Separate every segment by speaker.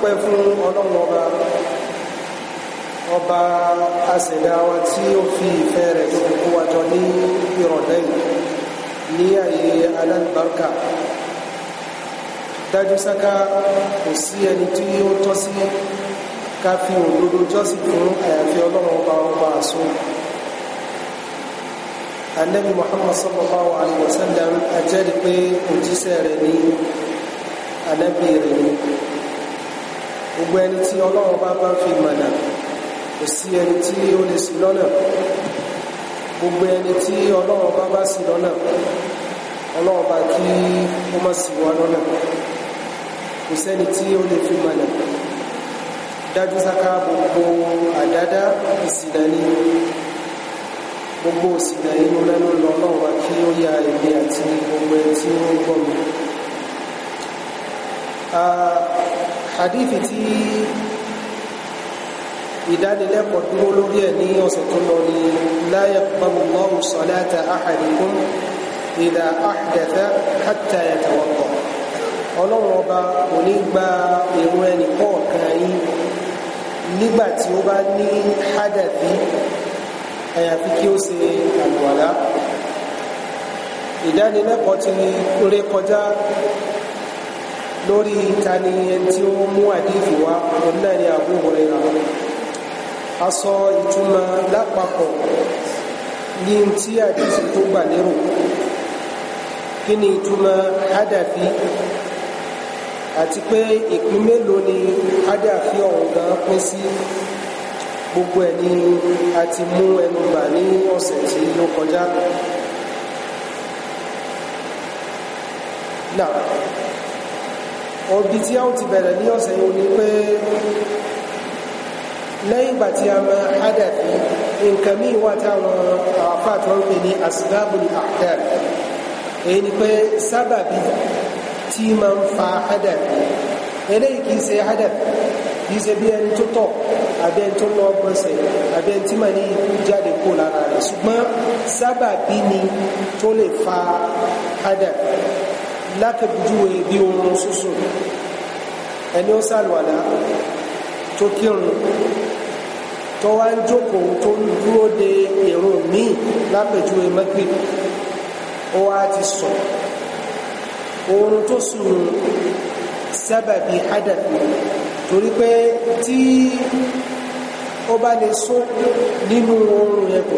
Speaker 1: dúpẹ́ fún ọlọ́run ọba ọba àṣẹ̀dá wa tí ó fi ìfẹ́ rẹ̀ tó kókó wa jọ ní ìrọ̀lẹ́ yìí ní àyè alálùbáríkà dájú sáká kò sí ẹni tí ó tọ́ sí ká fi òdodo jọ́sìn fún àyàfi ọlọ́run ọba ọba àṣọ anabi muhammad sallallahu alaihi wasallam a jẹ́rìí pé òjíṣẹ́ rẹ̀ ní anabi rẹ̀ ní gbogbo ẹni tí ọlọ́run bá bá fi mọ̀nà kò sí ẹni tí ó lè ṣì lọ́nà gbogbo ẹni tí ọlọ́run bá bá ṣì lọ́nà ọlọ́run bá kí ó má ṣì wá lọ́nà kò sẹ́ni tí ó lè fi mọ̀nà dájú sáká gbogbo àdádá ìsìnà gbogbo òsìnà inú lẹ́nu lọ náà wá kí ó yá èmi àti gbogbo
Speaker 2: ẹni tí ó ń gbọ́ mi.
Speaker 1: Ah, hadithi tí ìdánilẹ́kọ̀ọ́ dúró lórí ẹ̀ ní ọ̀sẹ̀ tó lọ ní la yaqbalu Allahu salata ahadikum idha ahdatha hatta yatawadda ọlọ́run ọba kò ní gba ìrun ẹnì kọ̀ọ̀kan yín nígbà tí ó bá ní hádàbí àyàfi kí ó ṣe àlùwàlá ìdánilẹ́kọ̀ọ́ ti rékọjá lórí ìtani ẹni tí ó mú àdífì wá òun ni Abu Hurairah a sọ ìtumọ̀ lápapọ̀ ní tí àdífì tó gbà lérò kí ni ìtumọ̀ hádàfí àti pé ìpín mélòó ni hádàfí ọ̀hún gan pín sí gbogbo ẹ̀ ni a ti mú ẹnu bà ní ọ̀sẹ̀ tí ó kọjá náà òbí tí a ó ti bẹ̀rẹ̀ ní ọ̀sẹ̀ yìí ni pé lẹ́yìn ìgbà tí a mọ hádàfí nǹkan míì wà táwọn àwàfà tó ń pè ní asbabul ahdath èyí ni pé sábàbí tí máa ń fa hádàfí eléyìí kìí ṣe hádàfí kìí ṣe bí ẹni tó tọ̀ àbí ẹni tó lọ gbọ́nsẹ̀ àbí ẹni tí màá ní ikú jáde kó lára rẹ̀ ṣùgbọ́n sábàbí ni tó lè fa hádàfí lápẹ̀júwe bí oorun sísun ẹni ó sàlùwàlá tó kírun tó wá ń jókòó tó ń dúró de èrò míì ó wá ti sọ oorun tó sùn sábàbí hádàbí torí pé tí ó bá lè sún nínú oorun yẹn kò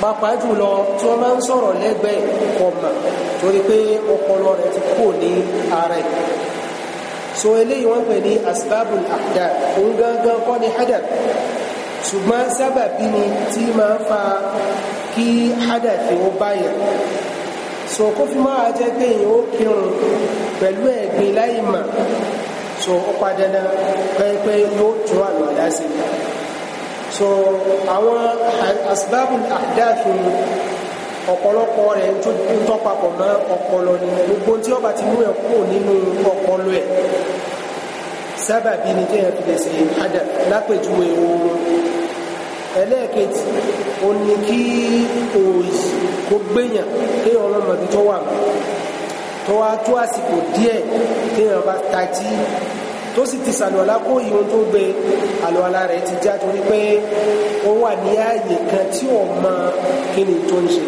Speaker 1: pàápàá jùlọ tí wọ́n bá ń sọ̀rọ̀ lẹ́gbẹ̀ẹ́ kọ̀mà torí pé ọpọlọ rẹ̀ ti kú ní ara ẹ̀ so eléyìí wọ́n pè ní asbabul ahdath òun gangan kọ́ ni hadath ṣùgbọ́n sábàbí ni tí máa ń fa kí hadath fi ó báyà so kó fi máa jẹ́ pé èèyàn ó kírun pẹ̀lú ẹ̀gbin láì mà so ó padà náà pé pé yóò tún àlọ́ àdá sí i so àwọn asbábùn àdáàfù ọ̀pọ̀lọpọ̀ rẹ̀ tó tọ́ papọ̀ mọ́ ọpọlọ ni gbogbo tí ó bá ti mú ẹ̀ kúrò nínú ọpọlọ ẹ̀ sábàbí ni kéèyàn fi lè ṣe àdà lápèjúwe oorun ẹlẹ́ẹ̀kejì ó ní kí òòyì kó gbéyàn kéèyàn ọlọ́mọdé tó wà mọ́ tó wá tó àsìkò díẹ̀ kéèyàn bá tají tó sì ti sàlùwàlá kó ìhun tó gbé àlùwàlá rẹ̀ ti já torí pé ó wà ní ààyè kan tí ò mọ kí ni tó ń ṣe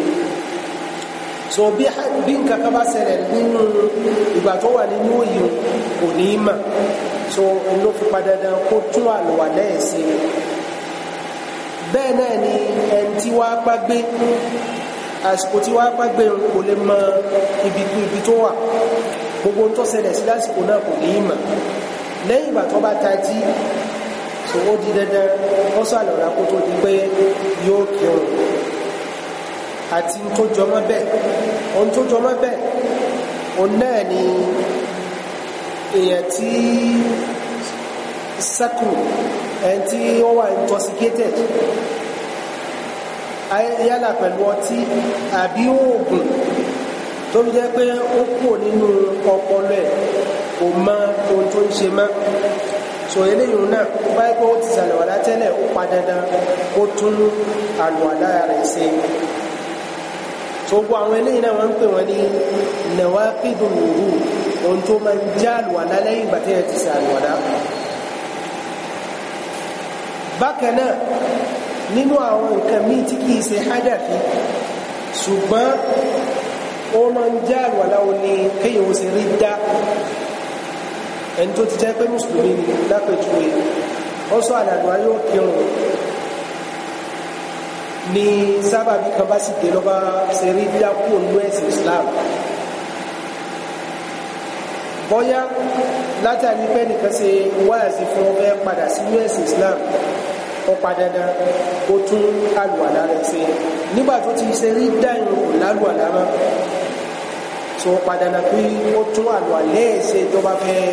Speaker 1: so bí nǹkan kan bá ṣẹlẹ̀ nínú ìgbà tó wà nínú ìhun kò ní í mà so ló fi padà dán kó tún àlùwàlá ẹ̀ sí i bẹ́ẹ̀ náà ni ẹni tí wàá gbàgbé àsìkò tí wàá gbàgbé kò lè mọ ibi tó wà gbogbo tó ṣẹlẹ̀ sí lásìkò náà kò ní í mà lẹ́yìn ìgbà tó bá tají so ó di dandan ó sàlọ̀rà kó tó di pé yóò kí ọ̀rọ̀ àti tó jọmọ́ bẹ́ẹ̀ ohun tó jọmọ́ bẹ́ẹ̀ òun náà ni èèyàn tí sẹ́kù ẹni tí ó wà intoxicated yálà pẹ̀lú ọtí àbí oògùn tó fi jẹ́ pé ó kúrò nínú ọpọlọ ẹ̀ kò mọ ohun tó ń ṣe mọ́ so eléyìí náà ó bá gbọ́ ó ti ṣàlùwàlá tẹ́lẹ̀ ó pa dandan ó tún àlùwàlá rẹ̀ ṣe so gbogbo àwọn eléyìí náà wọ́n ń pè wọ́n ní nawaqidul wudu ohun tó máa ń já àlùwàlá lẹ́yìn ìgbà tẹ́lẹ̀ ti ṣàlùwàlá bákan náà nínú àwọn nǹkan míì tí kìí ṣe hádàfi ṣùgbọ́n ó máa ń já àlùwàlá ó kéèyàn ó ṣe rí dá ẹni tó ti jẹ́ pé mùsùlùmí ni lápẹjúwe ó sọ àlànà ayé òkèrùn ni sábàbí kan bá sì dé lọ́ba ṣe rí dákú ònú ẹ̀sìn Islam bọ́yá látàrí pé nìkan ṣe wáàsí fún ọ fẹ́ padà sínú ẹ̀sìn Islam ó pa dandan ó tún àlùwàlá rẹ̀ ṣe nígbà tó ti ṣe rí dáìrùn kò lálùwàlá mọ́ tó padà náà pé ó tún àlùwàlá ṣe tó bá fẹ́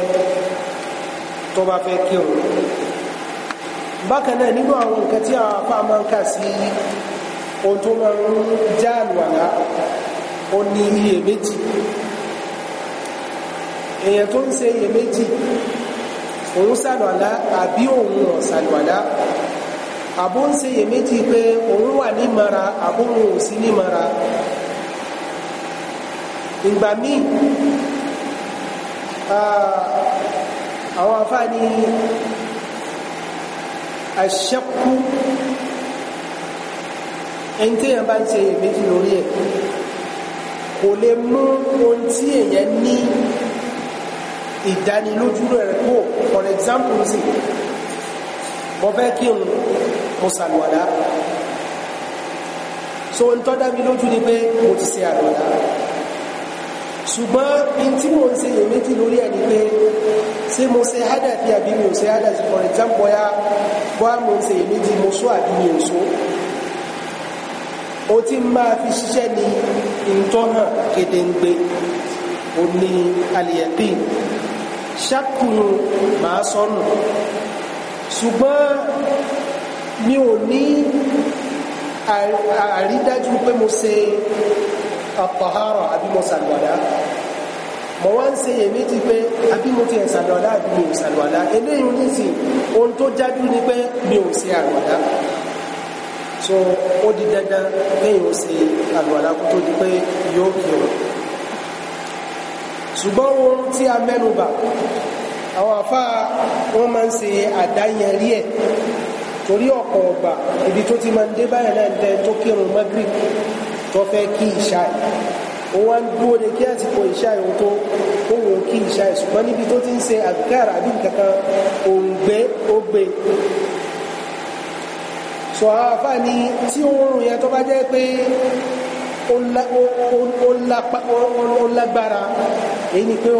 Speaker 1: tó bá fẹ́ kírun bákan náà nínú àwọn nǹkan tí àwọn apá máa ń kà sí ohun tó máa ń já àlùwàlá ó ní iyèméjì èèyàn tó ń ṣe iyèméjì òun àbí òun ò ṣàlùwàlá àbó ń ṣe iyèméjì pé òun wà nímara àbó òun ò sí ìgbà míì àwọn afáàní àṣẹ́kú ẹni tí èèyàn bá ń ṣe èméjì lórí ẹ̀ kò lè mú ohun tí èèyàn ní ìdánilójú rẹ̀ kó for example sí mo fẹ́ kí n mo ṣàlùwàlá so ń tọ́ dá mi lójú ni pé mo ti ṣe àlùwàlá ṣùgbọ́n in tí mo ń ṣe èméjì lórí ẹni pé ṣé mo ṣe hádàfí àbí mi ò ṣe hádàfí for example ya bọ́ mo ń ṣe èméjì mo sọ àbí mi ò sọ o ti máa fi ṣiṣẹ́ ní ìtọ́nà kedengbe o ní aliyẹ̀bí ṣàkùnù màá sọnù ṣùgbọ́n mi ò ní àrídájú pé mo ṣe àpàhárà àbí mo sàlùwàlá mo wá ń ṣe èméjì pé àbí mo ti ẹ̀sàlùwàlá àbí mi ò sàlùwàlá eléyìí ní sí ohun tó jájú ni pé mi ò ṣe àlùwàlá so ó di dandan kéèyàn ṣe àlùwàlá kó tó di pé yóò kírun ṣùgbọ́n ohun tí a mẹ́nubà àwọn àfá wọn máa ń ṣe àdáyẹrí ẹ̀ torí ọ̀pọ̀ ọ̀gbà ibi tó ti máa ń dé báyìí náà ń tẹ tó kírun magrib tó fẹ́ kí ìṣá ó wá ń dúró de kí àsìkò ìṣá ìhun tó òun kí ìṣá ìṣùgbọ́n níbi tó ti ń ṣe àgbára àbí nǹkankan òun gbé ó gbé sọ àfà ni tí oorun yẹn tó bá jẹ́ pé ó lágbára èyí ni pé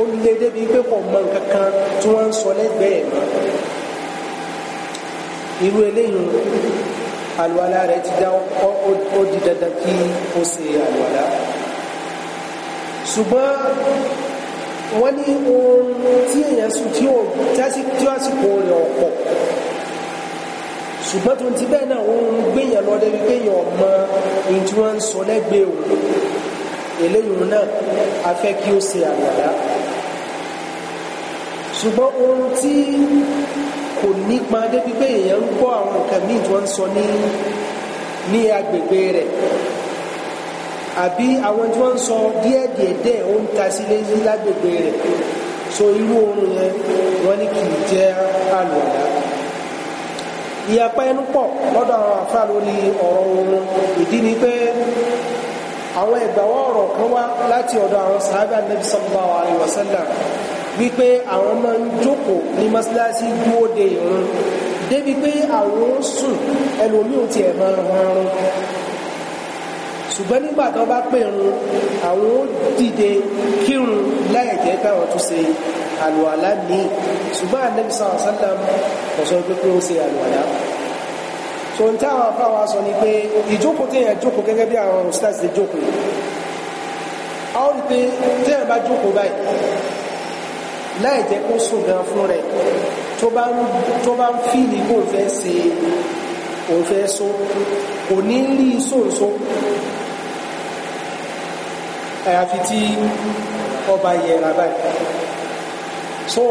Speaker 1: ó lé débi pé kò mọ nǹkankan tí wọ́n ń sọ lẹ́gbẹ̀ẹ́ mọ́ irú eléyìí àlùwàlá rẹ̀ ti dá ó di dandan kí ó ṣe àlùwàlá ṣùgbọ́n wọ́n ní ohun tí èèyàn sùn tí ó tásìkò rẹ̀ ọ̀pọ̀ ṣùgbọ́n tó ti bẹ́ẹ̀ náà wọ́n ń gbéyàn lọ débi gbéyàn ọmọ ohun tí wọ́n ń sọ lẹ́gbẹ̀ẹ́ òun eléyìí náà a fẹ́ kí ó ṣe àlùwàlá ṣùgbọ́n ohun tí kò nípa débi pé èèyàn ń gbọ́ àwọn nǹkan míì tí wọ́n ń sọ ní ní agbègbè rẹ̀ àbí àwọn tí wọ́n ń sọ díẹ̀díẹ̀díẹ̀ ó ń ta sí léyí lágbègbè rẹ̀ so irú oorun yẹn wọ́n ní kì í jẹ́ àlùwàlá ìyapa ẹnu pọ̀ lọ́dọ̀ àwọn àfáà lórí ọ̀rọ̀ oorun ìdí ni pé àwọn ìgbàwọ́ ọ̀rọ̀ kan wá láti ọ̀dọ̀ àwọn sàhábà Nabi sallallahu alaihi wasallam wípé àwọn máa ń jókòó ní mọ́sálásí dúró de ìrun débi pé àwọn ń sùn ẹlòmíì ti ẹ̀ máa rọrùn ṣùgbọ́n nígbà tó bá pèrún àwọn ó dìde kírun láì jẹ́ káwọn tún ṣe àlùwàlá míì ṣùgbọ́n ànábì sallallahu alaihi wasallam kò sọ pé kí wọ́n ṣe àlùwàlá tó ń táwọn afáwa sọ ni pé ìjókòó téèyàn jókòó gẹ́gẹ́ bí àwọn ustaz ṣe jókòó a ó rí pé téèyàn bá jókòó báyìí láì jẹ́ kó sùn gan fún rẹ̀ tó bá ń fìlì kó fẹ́ ṣe òun fẹ́ só kò ní rí sóòsó àyàfi tí ọba yẹra báyìí so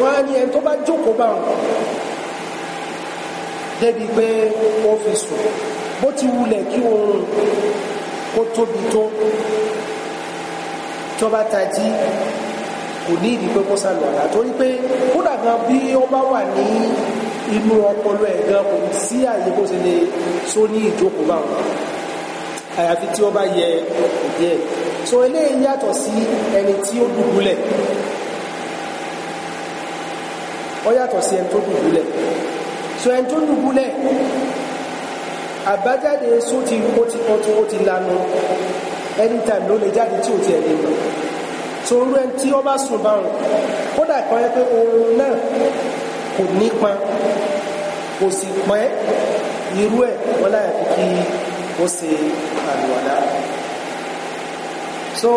Speaker 1: wọ́n á ní ẹni tó bá jókòó bá wọn débi pé ó fi sùn bó ti wulẹ̀ kí oorun kó tóbi tó tó bá tají kò ní ìdí pé kó sàlù àlá torí pé kódà gan bí ó bá wà ní inú ọpọlọ ẹ̀ gan kò sí àyè bó ṣe lè só ní ìjókòó báwọn àyàfi tí ó bá yẹ ìdí so eléyìí yàtọ̀ sí ẹni tí ó dùbúlẹ̀ ó yàtọ̀ sí ẹni tó dùbúlẹ̀ so ẹni tó dùbúlẹ̀ àbájáde só ti ó ti lanu anytime ló lè jáde tí ò ti ẹ̀ lọ sòrò ẹni tí ó bá sùn bá wọn kódà kan yẹ pé oorun náà kò nípa kò sì pẹ́ irú ẹ̀ wọ́n láyà fi kí ó ṣe àlùwàlá so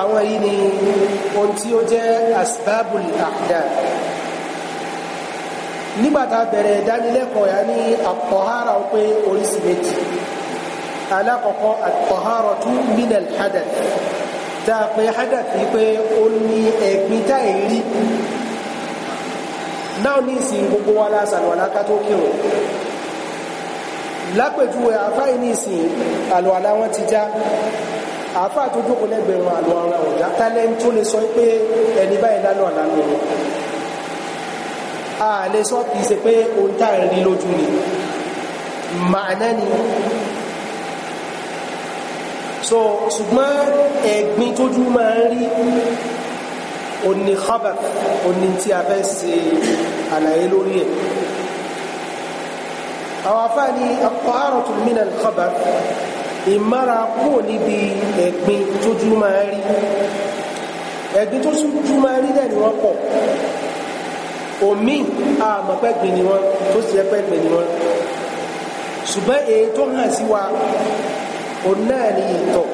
Speaker 1: àwọn yìí ni ohun tí ó jẹ́ asbabul ahdath nígbàtà bẹ̀rẹ̀ ìdánilẹ́kọ̀ọ́ yà ní àtọ̀hárà pé oríṣi méjì alákọ̀ọ́kọ́ àtọ̀hárà tún minal hadath tá a pe hádàfi pé ó ní ẹ̀gbin táì rí náà ní ìsìn gbogbo wa la ṣàlùwàlá ká tó kírun lápèjúwe àfáì ní ìsìn àlùwàlá wọn ti já àfáà tó jókòó lẹ́gbẹ̀rún àlùwàlá ọ̀já tálẹ́ tó lè sọ pé ẹni báyìí lálọ́ àlá lóru a lè sọ kìí ṣe pé ohun tá rí lójú ni màánà ni so ṣùgbọ́n ẹ̀gbin tójú máa ń rí oní khabar oní tí a fẹ́ ṣe àlàyé lórí ẹ̀ àwọn afá ni at-taharatu min al-khabar ìmára kúrò níbi ẹ̀gbin tójú máa ń rí ẹ̀gbin tójú máa ń rí dẹ̀ ni wọ́n pọ̀ omi àmọ̀pẹ́gbin ni wọ́n tó sì ẹ̀pẹ́gbin ni wọ́n ṣùgbọ́n èyí tó hàn sí wa òun náà ni ìtọ̀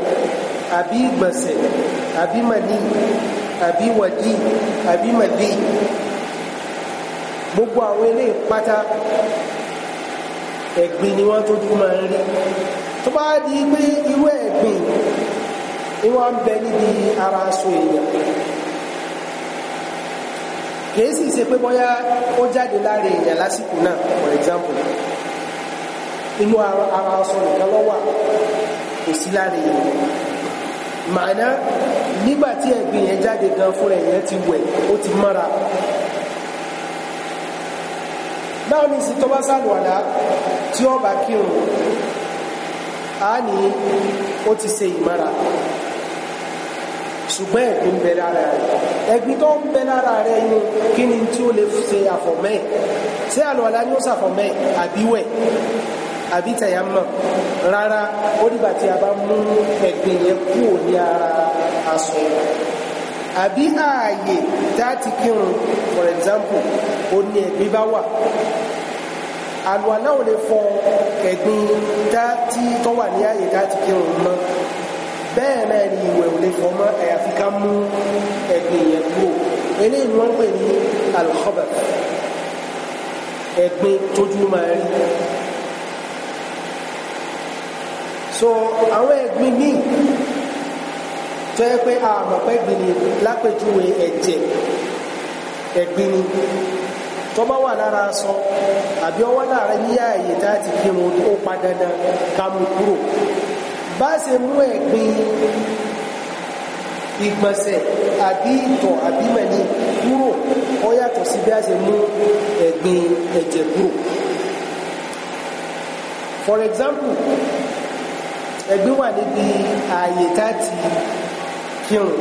Speaker 1: àbí ìgbọ̀nsẹ̀ àbí màní àbí wàdí àbí màdí gbogbo àwọn ilé pátá ẹ̀gbin ni wọ́n tójú máa ń rí tó bá di pé irú ẹ̀gbin ni wọ́n ń bẹ níbi ara aṣọ èèyàn kìí sì ṣe pé bóyá ó jáde láre èèyàn lásìkò náà for example inú ara aṣọ nìkan ló wà kò sí lára èèyàn màánà nígbà tí ẹ̀gbin yẹn jáde gan fúnra èèyàn ti wẹ̀ ó ti mọ́ra báwo ni sì tó bá sàlùwàlá tí ó bá kírun á ní ó ti ṣe ìmọ́ra ṣùgbọ́n ẹ̀gbin bẹ lára rẹ̀ ẹ̀gbin tó ń bẹ lára rẹ̀ yín kí ni tí ó lè ṣe àfọ̀mẹ́ ṣé àlùwàlá ni ó ṣàfọ̀mẹ́ àbíwẹ̀ àbí tẹ̀yàmọ̀ rárá ó dìgbà tí a bá mú ẹ̀gbìn yẹn kúrò ní ara aṣọ àbí ààyè dáàtì kírun for example ó ní ẹ̀gbìn bá wà àlùwàlá ò lè fọ ẹ̀gbìn dáàtì tó wà ní ààyè dáàtì kírun mọ́ bẹ́ẹ̀ náà ni ìwẹ̀ ò lè fọ mọ́ àyàfi ká mú ẹ̀gbìn yẹn kúrò eléyìí ni wọ́n ń pè ní alkhobar ẹ̀gbìn tójú máa rí so àwọn ẹ̀gbin míì tó yẹ pé àmọ̀ pé ẹ̀gbin ni lápèjúwe ẹ̀jẹ̀ ẹ̀gbin ni tó bá wà lára aṣọ àbí ọwọ́ lára ní ààyè tá a ti fi mu ó pa dandan ká mú kúrò bá ṣe mú ẹ̀gbin ìgbọ̀nsẹ̀ àbí ìtọ̀ àbí mẹ́ni kúrò ó yàtọ̀ sí bí a ṣe mú ẹ̀gbin ẹ̀jẹ̀ kúrò for example ẹ̀gbin wà níbi ààyè tá ti kírun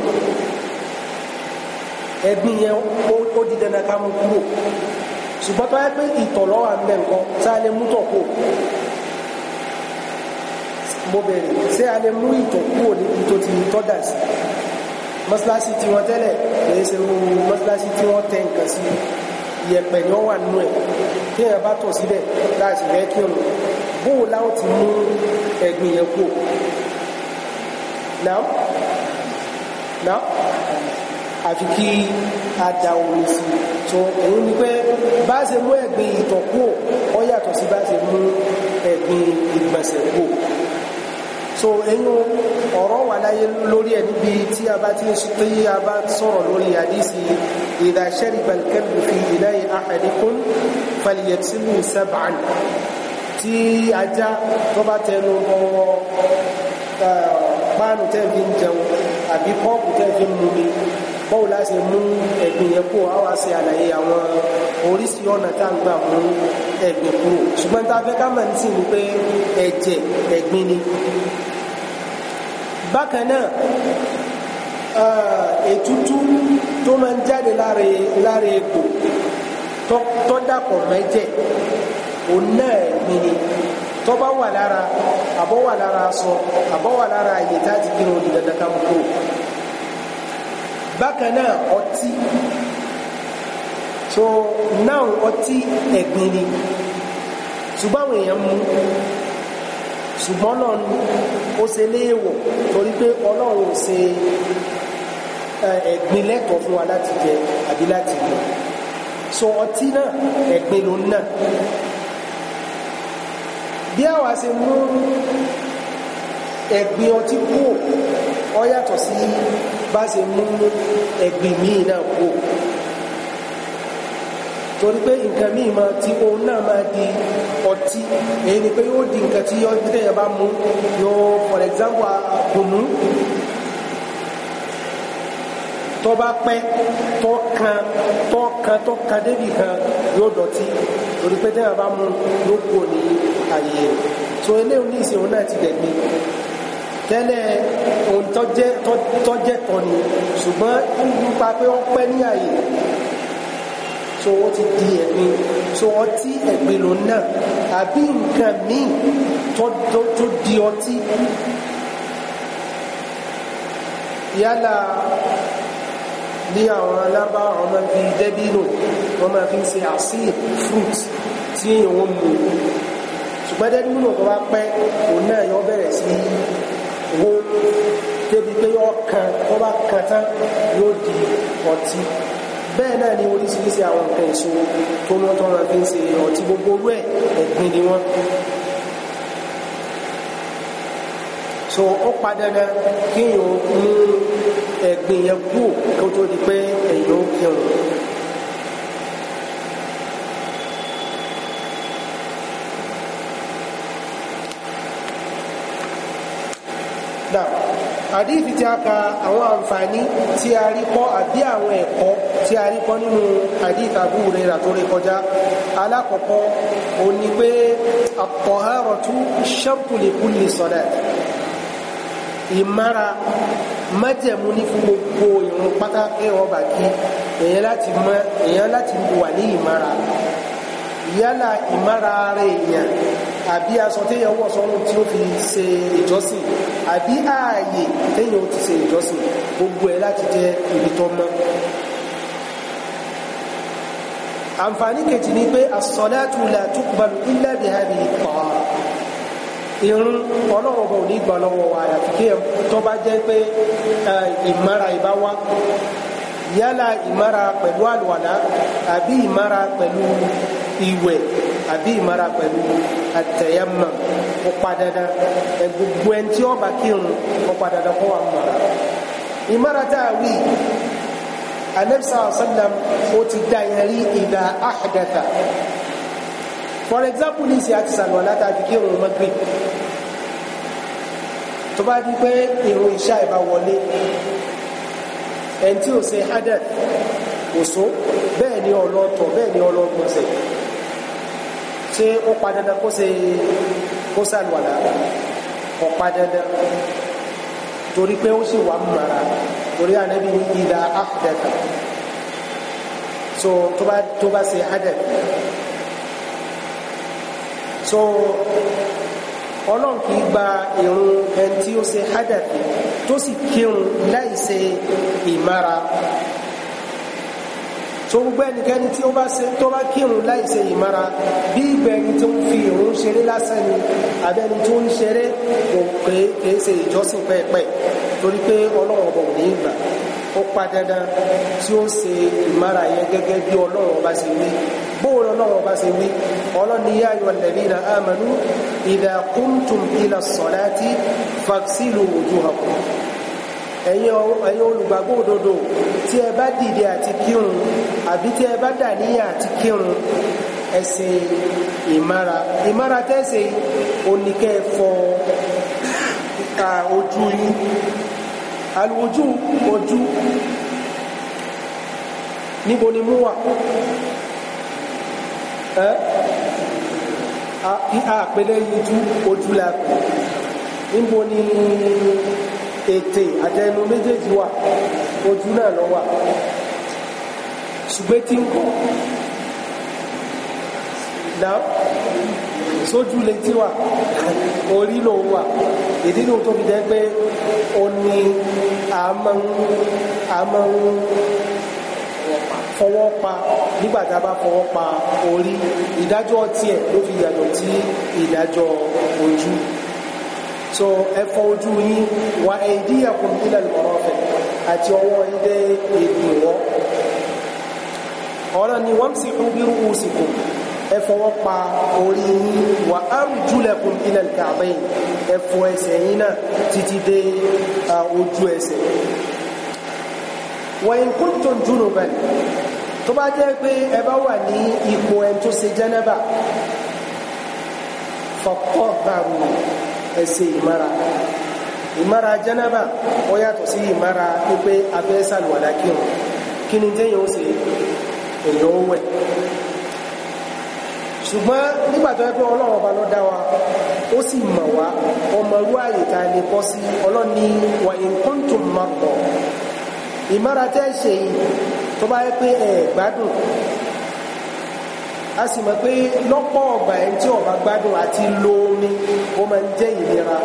Speaker 1: ẹ̀gbin yẹn ó di dandan ká mú kúrò ṣùgbọ́n tó yẹ pé ìtọ̀ lọ́wọ́ àmì nǹkan tá a lè mú tọ̀ kó mo bẹ̀rẹ̀ ṣé a lè mú ìtọ̀ kúrò níbi tó ti tọ́ dà sí mọ́sálásí tí wọ́n tẹ́lẹ̀ kìí ṣe mú mọ́sálásí tí wọ́n tẹ nǹkan sí ìyẹ̀pẹ̀ ni wọ́n wà nínú ẹ̀ kí èèyàn bá tọ̀ síbẹ̀ láti rẹ́ kírun o láwọn ti mú ẹ̀gbin yẹn kú náà náà àfi kí a da omi sí so òun ni pé bá ṣe mú ẹ̀gbin ìtọ̀ kú ó yàtọ̀ sí bá ṣe mú ẹ̀gbin ìgbọ̀nsẹ̀ kú so ẹnu ọ̀rọ̀ wà láyé lórí ẹ̀ níbi tí a bá ti ń tí a bá sọ̀rọ̀ lórí àdísì idha shariba al-kalbu fi ina'i ahadikum tí ajá tó bá tẹnu ọwọ́ páànù tẹ́ fi ń jẹun àbí kọ́ọ̀pù tẹ́ fi ń mumi bọ́ọ̀ láti mú ẹ̀gbìn yẹn kúrò á wá ṣe àlàyé àwọn oríṣi ọ̀nà tá à ń gbà mú ẹ̀gbìn kúrò ṣùgbọ́n tá a fẹ́ ká mọ̀ ní sìn ní pé ẹ̀jẹ̀ ẹ̀gbìn ni bákan náà ètútú tó máa ń jáde láre egbò tó dàpọ̀ mẹ́jẹ̀ òun náà wà lára àbọ̀ wà lára aṣọ àbọ̀ wà lára tá ti kírun ní dandan ká mú bákan ọtí so náà ọtí ẹ̀gbin ni ṣùgbọ́n àwọn èèyàn mú o se lee ṣe torí pé ọlọ́run ò ṣe fún wa láti jẹ àbí láti mú so ọtí náà ẹ̀gbin bí àwa ṣe mú ẹ̀gbin ọtí kú ọ yàtọ̀ sí bá ṣe mú ẹ̀gbin míì náà kú torí pé nǹkan míì máa tí òun náà máa di ọtí èyí ni pé yóò di nǹkan tí ọdídẹ̀yẹ bá mú yóò for example àkùnú tó bá pẹ́ tó kan débì kan yóò dọ̀tí torí pé dẹ́yẹ bá mú yóò kú òní àyè rẹ̀ so eléyìí ní ìsìn òun náà ti dẹ̀gbin tẹ́lẹ̀ ohun tọ́jẹ́ tọ́ ni ṣùgbọ́n nípa pé ó pẹ́ ní àyè so ó ti di ẹ̀gbin so ọtí ẹ̀gbin ló náà àbí nǹkan míì tó di ọtí yálà ní àwọn alábá àwọn máa fi dẹ́bìlò wọ́n máa fi ń ṣe àṣírí fruit tí èèyàn mú pẹ́ẹ́dẹ́ nínú tó bá pẹ́ òun náà yọ bẹ̀rẹ̀ sí wó débi pé yọ kan tó bá kan tán yóò di ọtí bẹ́ẹ̀ náà ni oríṣiríṣi àwọn nǹkan èso tó wọ́n tó máa fi ń ṣe ọtí gbogbo orú ẹ̀ ẹ̀gbin ni wọ́n so ó pa dandan kí èèyàn mú ẹ̀gbin yẹn kú kó tó di pé èèyàn ó kírun àdífi tí a ka àwọn àǹfààní tí a rí kọ́ àbí àwọn ẹ̀kọ́ tí a rí kọ́ nínú àdífi Abu Hurairah tó rí kọjá alákọ̀ọ́kọ́ ó ní pé at-taharatu shartu li kulli salat ìmára májẹ̀mú ní fún gbogbo ìrun pátá ẹ̀họ́ bàkí èèyàn láti mọ èèyàn láti wà ní ìmára yálà ìmára ara èèyàn àbí aṣọ téèyàn wọ̀ sọ́run tí ó fi ṣe ìjọsìn àbí ààyè téèyàn ó ti ṣe ìjọsìn gbogbo ẹ̀ láti jẹ́ ibi tó mọ́ àǹfààní kejì ni pé as-salatu la tuqbalu illa irun ọlọ́wọ́ bọ̀ ní ìgbà àyàfi kí tó bá jẹ́ pé ìmára ìbá yálà ìmára pẹ̀lú àlùwàlá àbí ìmára pẹ̀lú ìwẹ̀ àbí ìmara pẹ̀lú àtẹ̀yẹ́mọ̀ ó pa dandan ẹ gbogbo ẹni tí ó bá kírun ó pa dandan kó wà mọ̀ra ìmara tá a wí anabisa asalam ó ti dá yẹn ìdá àhàdàtà for example ní ìsìn àti sàlùwà látàbí kírun magrib tó bá di pé ìrun ìṣá ìbá wọlé ẹni tí ò ṣe hadath òṣó bẹ́ẹ̀ ni ọlọ́tọ̀ bẹ́ẹ̀ ni ọlọ́gbọ̀nsẹ̀ ṣé ó pa dandan kó ṣe kó ṣàlùwàlà kò pa dandan torí pé ó sì wà mara torí ànábi ìdá áfíríkà so tó bá tó bá ṣe hadẹ so ọlọ́run kì í gba irun ẹni tí ó ṣe hadẹ tó sì kírun láì ṣe ìmára so gbogbo ẹnikẹ́ni tí ó bá ṣe tó bá kírun láì ṣe ìmára bí ìgbẹ́ni tó ń fi ìrun ṣeré lásán ni abẹ́ni tó ń ṣeré kò kéé ṣe ìjọsìn pẹ́ẹ́pẹ́ torí pé ọlọ́run ọ̀bọ̀ ní ìgbà ó pa dandan tí ó ṣe ìmára yẹn gẹ́gẹ́ bí ọlọ́run ọba ṣe wí bóun ọlọ́run ọba ṣe wí ọlọ́ni yá ayọ̀ alladhina amanu idha qumtum ila salati faghsilu wujuhakum ẹ̀yin olùgbàgbọ́ òdodo tí ẹ bá dìde àti kírun àbí tí ẹ bá dàníyàn àti kírun ẹ ṣe ìmára ìmára tẹ́sẹ̀ oníkẹ́ fọ ojú yín alùwòjú ojú níbo ni mú wà ẹ́ àpẹẹrẹ ojú ojú làpẹ̀ níbo ni ètè àtẹnu méjèèjì wà ojú náà lọ wà ṣùgbọ́n tí ń kọ́ náà sójú lè tí wà orí ló wà ìdí ní tó fi jẹ́ pé ó ní àmọ́hún fọwọ́ pa nígbàtà bá fọwọ́ pa orí ìdájọ́ tiẹ̀ ló fi yàtọ̀ tí ìdájọ́ ojú so ẹ fọ ojú yín wà aydiyakum ila al-marafiq àti ọwọ́ yín dé èdè wọ́ ọ̀rọ̀ ni wamsihu bi ru'usikum ẹ fọwọ́ pa orí yín wà arjulakum ila al-ka'bayn ẹ ẹsẹ̀ yín náà títí dé ojú ẹsẹ̀ wa in kuntum junuban tó bá jẹ́ pé ẹ bá wà ní ipò ẹni tó ṣe jẹ́nẹ́bà fọ́kọ́ bàrù ẹ ṣe ìmára ìmára jẹ́nàbà ó yàtọ̀ sí ìmára pípé afẹ́ sàlùwàlá kírun kí ni téèyàn ó ṣe èèyàn ó wẹ̀ ṣùgbọ́n nígbà tó yẹ pé ọlọ́run ọba ló dá wa ó sì mọ̀ wá ọmọrú àyè tá a lè bọ́ sí ọlọ́ni wà in kuntum marda ìmára tẹ́ ṣe yìí tó bá yẹ pé ẹ̀ a sì mọ̀ pé lọ́pọ̀ ọgbà ẹni tí ọba gbádùn àti lo omi ó máa ń jẹ́ ìlera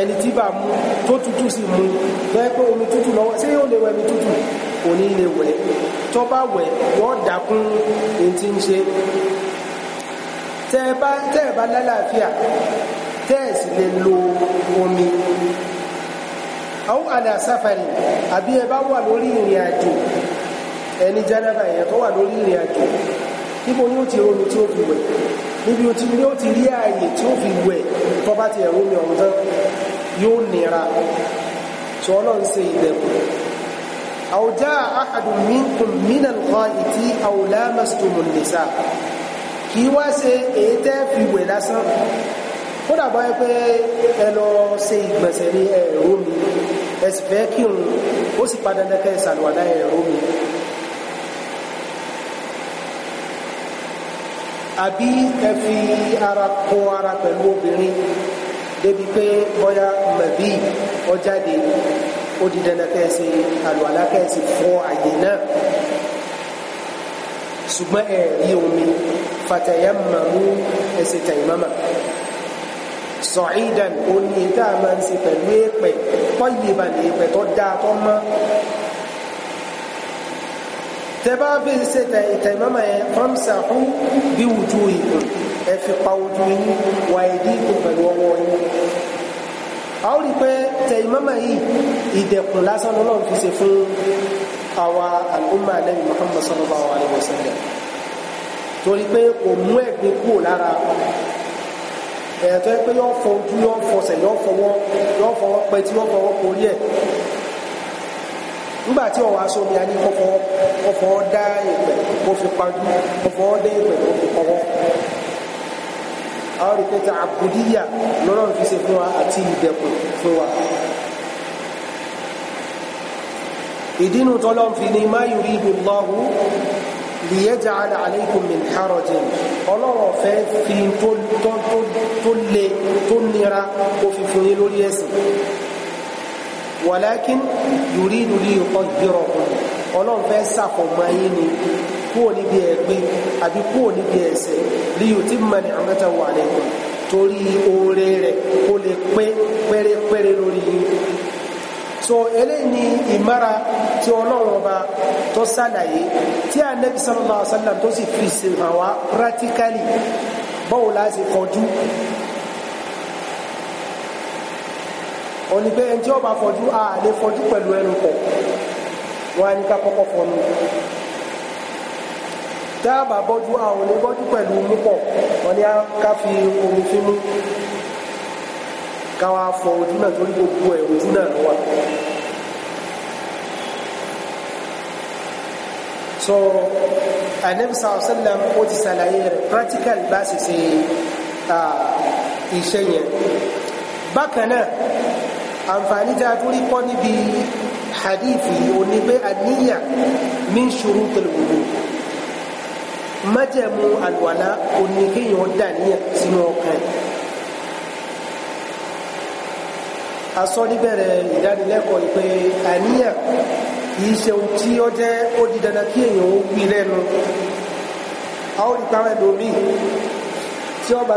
Speaker 1: ẹni tí bá mú tó tútù sì mú bẹ́ẹ̀ pé omi tútù lọ́wọ́ ṣé yóò lè wẹ̀ omi tútù kò ní lè wẹ̀ tó bá wẹ̀ wọ́n dákún ẹni tí ń ṣe tẹ́ ẹ bá tẹ́ ẹ bá lálàáfíà tẹ́ ẹ sì lè lo omi àwọn àdàsáfàrí àbí ẹ bá wà lórí ìrìn àjò ẹni jẹ́nàbà ẹ̀yẹ tó wà lórí ìrìn àjò níbo ni ó ti romi tí ó fi wẹ̀ níbi tí ó ti rí ààyè tí ó fi wẹ̀ tó bá ti ẹ̀rọ mi ọ̀hún tán yóò nira tí ọlọ́run ṣe ìdẹ̀kùn أو جاء أحد منكم من الغائط أو لامستم النساء kì í wá ṣe èyí tẹ́ fi wẹ̀ lásán kódà bá yẹ pé ẹ lọ ṣe ìgbọ̀nsẹ̀ ní ẹ̀rọ mi ẹ sì fẹ́ kírun ó sì padà lẹ́kẹ́ ìsàlùwàlá ẹ̀rọ mi àbí ẹ fi ara kó ara pẹ̀lú obìnrin débi pé bóyá mẹ̀bí ọjáde ó di dandan kẹ́ẹ̀sì àlùwàlá kẹ́ẹ̀sì fún àyè náà ṣùgbọ́n ẹ rí omi fatayammamu ẹsẹ̀ tàìmọ́mà sọ̀ídàn ó ní tá a máa ń ṣe pẹ̀lú èèpẹ̀ tọ́yìnbà ní èèpẹ̀ tó dáa tó mọ́ tẹ́bá fi ṣe ìtẹ̀mọ́mọ́ yẹn famsahu bi wujuhikum ẹ fi pa ojú yín wà ìdí kò pẹ̀lú ọwọ́ yín a ó rí pé tẹ̀mọ́mọ́ yìí ìdẹ̀kùn lásán lọ́lọ́ fi ṣe fún àwa àlùmọ́ àlẹ́bí Muhammad sallallahu alaihi wasallam torí pé kò mú ẹ̀gbin kúrò lára ẹ̀ẹ́dọ́ yọ fọ ojú yọ fọsẹ̀ yọ yọ fọwọ́ yọ fọwọ́ kórí nígbà tí ọwọ́ aṣọ mi a ní kọ́kọ́ kọ́kọ́ dá ìpẹ́ kó fi pajú kọ́kọ́ dé ìpẹ́ kó fi kọ́wọ́ àwọn ìpẹta àbùdíyà lọ́rọ̀ fi ṣe fún wa àti ìdẹ̀kùn fún wa ìdínú tọ́lọ́ fi ni má yuridu Allahu liyaj'al alaykum min harajin ọlọ́wọ́ fẹ́ fi tó le tó nira kó fi fún yín lórí ẹ̀sìn walakin yuridu li yuqaddirukum ọlọ́run fẹ́ sàfọ̀mọ́ yín ni kúrò níbi ẹ̀gbin àbí kúrò níbi ẹ̀ṣẹ̀ li yutimma ni'matahu alaykum torí oore rẹ̀ kó lè pé pérépéré lórí so eléyìí ni ìmára tí ọlọ́run ọba tó sàlàyé tí anabi sallallahu alayhi wa sallam tó sì fi ṣe hàn practically báwo la kọjú òní ẹni tí ó bá fọjú a lè fọjú pẹ̀lú ẹnu pọ̀ wọn á ká kọ́kọ́ fọnu tá a bá bọ́jú a ò lè bọ́jú pẹ̀lú mú pọ̀ wọn ni ká fi omi fi mú káwa fọ ojú náà torí gbogbo ẹ̀ ojú náà ló so anabi sallallahu alayhi wa sallam ó ti ṣàlàyé rẹ̀ practical bá sì ṣe iṣẹ́ yẹn bákan náà àǹfààní tí a tún rí kọ́ níbi hadithi ó ní pé àníyà min shurutil wudu májẹ̀mú àlùwàlá ó ní kéèyàn dà níyà sínú ọkàn asọ níbẹ̀rẹ̀ ìdánilẹ́kọ̀ọ́ yìí pé àníyà kìí ṣe ohun tí ó jẹ́ ó di dandan kí èèyàn ó wí lẹ́nu a ó rí tí ó bá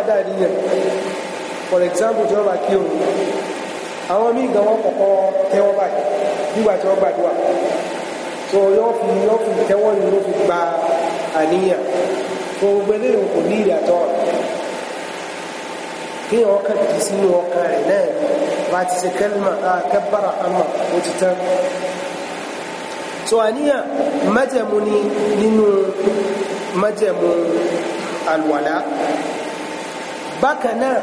Speaker 1: for example tí ó kí òun àwọn míì gan wọn kọ́kọ́ tẹ́wọ́ báyìí nígbà tí wọ́n gbàdúrà tó yọ́ fi yọ́ fi tẹ́wọ́ yìí ló fi gba àníyàn tó gbogbo eléyìí kò ní ìyàtọ̀ kí wọn kàn jì sínú ọkàn rẹ̀ náà bá ti ṣe kẹ́lìmà kẹ́bàrà àmà ó ti tán tó àníyàn májẹ̀mú ni nínú májẹ̀mú àlùwàlá bákan náà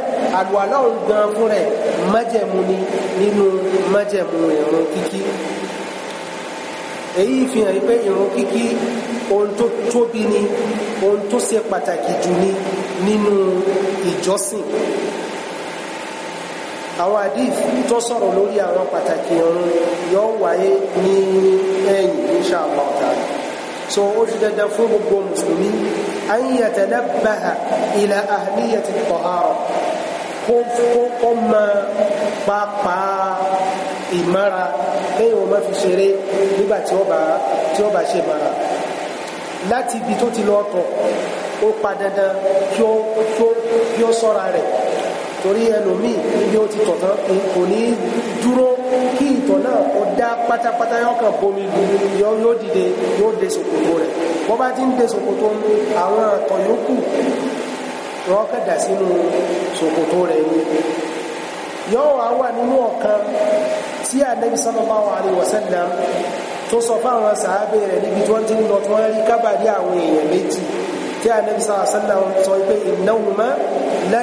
Speaker 1: àlùwàlá òun gan fún rẹ̀ májẹ̀mú ni nínú májẹ̀mú ìrun kíkí èyí fi hàn pé ìrun kíkí ohun tó tóbi ni ohun tó ṣe pàtàkì jù ni nínú ìjọsìn àwọn àdìf tó sọ̀rọ̀ lórí àwọn pàtàkì ìrun yóò wáyé ní ẹ̀yìn insha Allah ta'ala so ó di dandan fún gbogbo mùsùlùmí an yatanabbaha ila ahliyati tahara kó mọ pàápàá ìmára kéèyàn ó má fi ṣeré nígbà tí ó bá tí ó bá ṣe mara láti ibi tó ti lọ tọ̀ ó pa dandan kí ó ṣọ́ra rẹ̀ torí ẹlòmíì bí ó ti tọ̀tán kò ní dúró kí ìtọ̀ náà ó dá pátápátá yọ kàn bomi yọ ló dìde yóò de ṣòkòtò rẹ̀ bọ́ bá ti ń de ṣòkòtò àwọn àtọ̀ yòókù wọ́n kàn dà sínú ṣòkòtò rẹ̀ ni yóò wá wà nínú ọ̀kan tí ànábi sallallahu alaihi wasallam tó sọ fáwọn sàábé rẹ̀ níbi tí wọ́n ti ń lọ tí wọ́n rí kábàdí àwọn èèyàn méjì tí ànábi sallallahu alaihi wasallam sọ pé innahuma la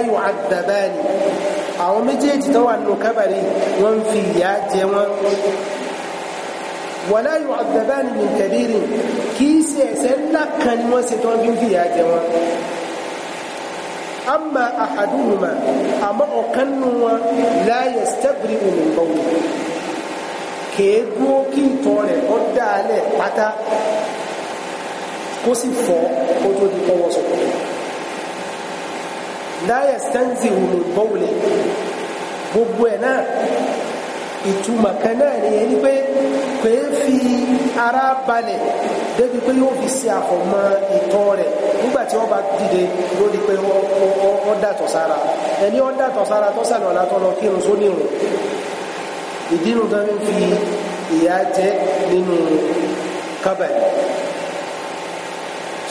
Speaker 1: àwọn méjèèjì tó wà nínú kábàrí wọ́n fi ìyà jẹ wọ́n wala yu'adhabani min kabirin kì í ṣe ẹ̀ṣẹ̀ ńlá kan ni wọ́n ṣe tó ń fi ìyà jẹ wọ́n amma ahaduhuma àmọ́ ọ̀kan nù wọn la yastabri'u min bawli kéékúó kí ìtọ̀ rẹ̀ ó dáa lẹ̀ pátá kó sì fọ́ kó tó di kọ́wọ́ láyẹ̀ stanzi wùmí bọ́wùlẹ̀ gbogbo ẹ̀ náà ìtumọ̀ kan náà ni ẹni pé pé fi ara balẹ̀ débi pé yóò fi ṣe àfọ̀mọ́ ìtọ̀ rẹ̀ nígbà tí wọ́n bá dìde lórí pé wọ́n dàtọ̀ sára ẹni wọ́n dàtọ̀ sára tó sàlọ̀ látọ̀ lọ kírun só nírun ìdínú tó ń fi ìyá jẹ́ nínú kábàlì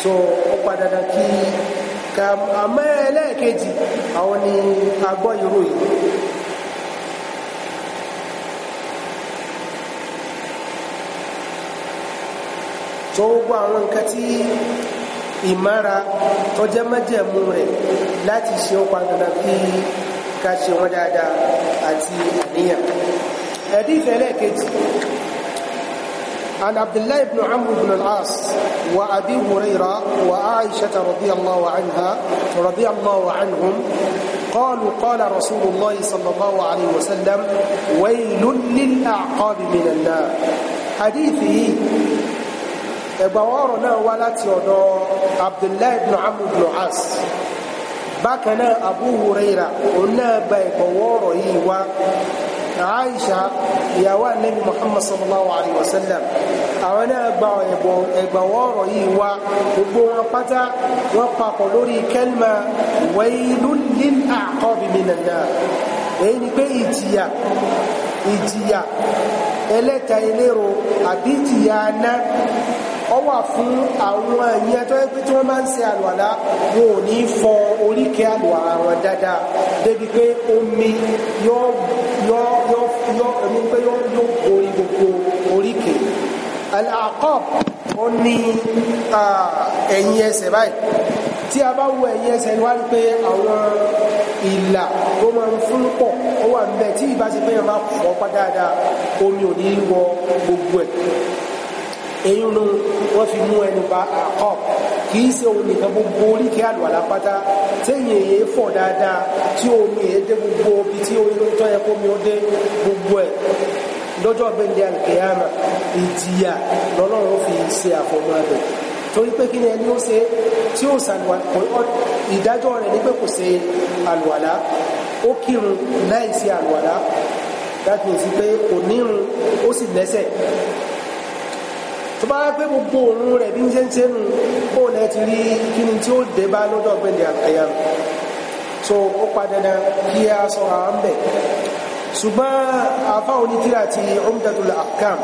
Speaker 1: so ó padà dá kí ka àmọ́ ẹlẹ́ẹ̀kejì àwọn ni agbọ́ irú yìí tó gbogbo àwọn nǹkan tí ìmára tó jẹ́ mẹ́jẹ̀mú rẹ̀ láti ṣe ó padà kí ká ṣe wọ́n dáadáa àti àníyàn ẹ̀dí ìfẹ́ ẹlẹ́ẹ̀kejì عن عبد الله بن عمرو بن العاص وأبي هريرة وعائشة رضي الله عنها رضي الله عنهم قالوا قال رسول الله صلى الله عليه وسلم ويل للأعقاب من النار حديثه إبوارنا ولاتي عبد الله بن عمرو بن العاص bákanáà abu huraira òun náà gba ìbọ̀wọ́rọ̀ yìí wá aisha ìyàwó anabi muhammad sallallahu àwọn náà gba ẹ̀gbọ̀nwọ́ ọ̀rọ̀ yìí wá gbogbo wọn pátá wọn papọ̀ lórí kẹ́lìmà wailul lil a'qabi minan nar èyí ni pé ìjìyà ìjìyà ẹlẹ́ta eléro àbí ìjìyà aná ọ wà fún àwọn ẹ̀yìn ẹjọ́ pé tí wọ́n máa ń ṣe àlùwàlá wọn ò ní fọ oríkẹ́ àlùwàlá wọn dáadáa débi pé omi yóò al-aqab ó ní ẹ̀yìn ẹsẹ̀ báyìí tí a bá wo ẹ̀yìn ẹsẹ̀ wá rí pé àwọn ìlà tó máa ń fún pọ̀ ó wà ń bẹ tí ìbá ti fẹ́yàn bá fọ́ pa dáadáa omi ò ní wọ gbogbo ẹ̀ èyí ló wọ́n fi mú ẹnu ba àkọ́ kìí ṣe òun nìkan gbogbo oríkẹ́ àlọ́ àlápátá tẹ́yìn èyí fọ̀ dáadáa tí omi èyí dé gbogbo ibi tí omi tó yẹ kómi ó dé gbogbo ẹ̀ lọ́jọ́ gbẹ̀ndẹ̀ alkiyama ìjìyà lọ́lọ́run fi ṣe àfọmọ́ abẹ̀ torí pé kí ni ẹni ó ṣe tí ó sàlùwà ìdájọ́ rẹ̀ ní pé kò ṣe àlùwàlá ó kírun láì ṣe àlùwàlá láti ní sí pé kò nírun ó sì lẹ́sẹ̀ tó bá pé gbogbo òun rẹ̀ bí ń ṣe ń ṣe nù ó lẹ́ ti rí kí ni tí ó dé bá lọ́jọ́ gbẹ̀ndẹ̀ alkiyama so ó padà kí a sọ̀rọ̀ à bẹ̀ ṣùgbọ́n afá onítírà ti umdatul ahkam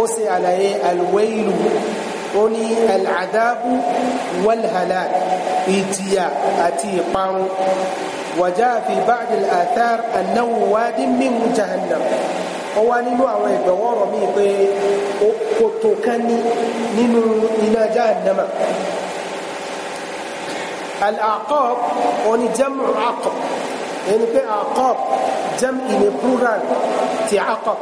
Speaker 1: ó ṣe àlàyé alwailu ó ní al'adabu walhalak ìtìyà àti ìparun wàjá fi ba'd al-athar annahu wadin min jahannam ó wá nínú àwọn ìgbẹ̀wọ̀rọ̀ míì pé ó kòtò kan ní nínú iná jahannama al-aqab ó ní يعني في عقاب جمع لبرورال تي عقاب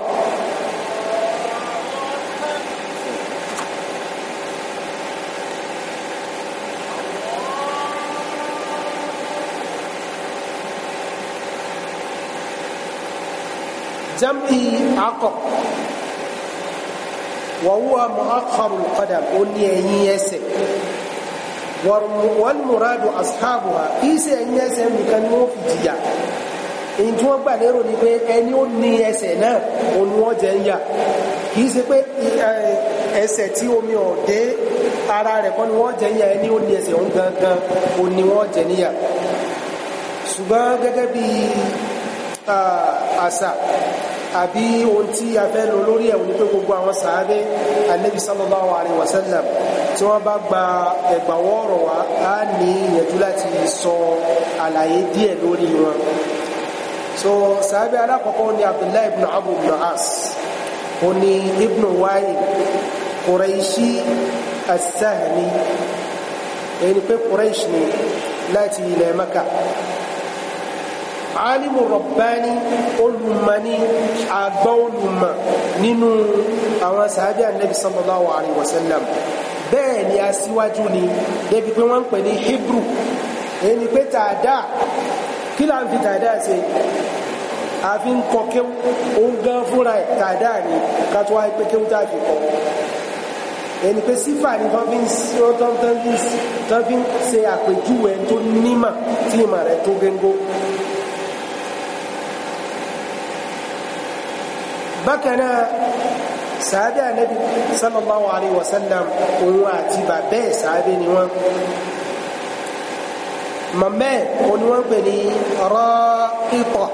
Speaker 1: جمع عقب وهو مؤخر القدم قل لي يسك wàlmùràdù ashabuha ìṣe ẹ̀yìn ẹsẹ̀ nìkan ni wọ́n fi jìyà èyí tí wọ́n gbà lérò ni pé ẹni ó ní ẹsẹ̀ náà òun wọ́n jẹ ń yà kì í ṣe pé ẹsẹ̀ tí omi ọ̀dẹ́ ara rẹ̀ kọ́ ni wọ́n jẹ ń yà ẹni ó ní ẹsẹ̀ òun gangan òun ni wọ́n jẹ níyà ṣùgbọ́n gẹ́gẹ́ bí ah, àṣà àbí ohun tí a fẹ́ lò lórí ẹ̀ ní pé gbogbo àwọn sàábé anabi sallallahu alayhi wa sallam tí wọ́n bá gba ẹ̀gbàwọ́ ọ̀rọ̀ wa á ní ìyẹ̀jú láti sọ àlàyé díẹ̀ lórí wọn so sàábé alákọ̀ọ́kọ́ ni abdullahi ibn abu ibn as ó ní ibn wa'il quraishi as-sahmi ẹni pé quraish ni láti ilẹ̀ maka alimu rabbani olùmọ̀ni àgbà olùmọ̀ nínú àwọn sàábì anabi sallallahu alayhi wa sallam bẹ́ẹ̀ ni aṣíwájú ni débi pé wọ́n ń pè ní hebrew èyí ni pé tàdá kí là ń fi tàdá ṣe àfi ń kọ kéwú òun gan fúnra ẹ̀ tàdá ni ká tó wáyé pé kéwú tá a fi kọ èyí ni pé sífà ni wọ́n fi ń ṣe àpèjúwe tó nímọ̀ tí ìmọ̀ rẹ̀ tó géńgó. bákanáà sàábẹ́ ànábì sallallahu alayhi wa sallam òun àti bàbẹ́ sàábẹ́ ni wọ́n mọ̀mẹ́ òun wọ́n pè ní Rā'ita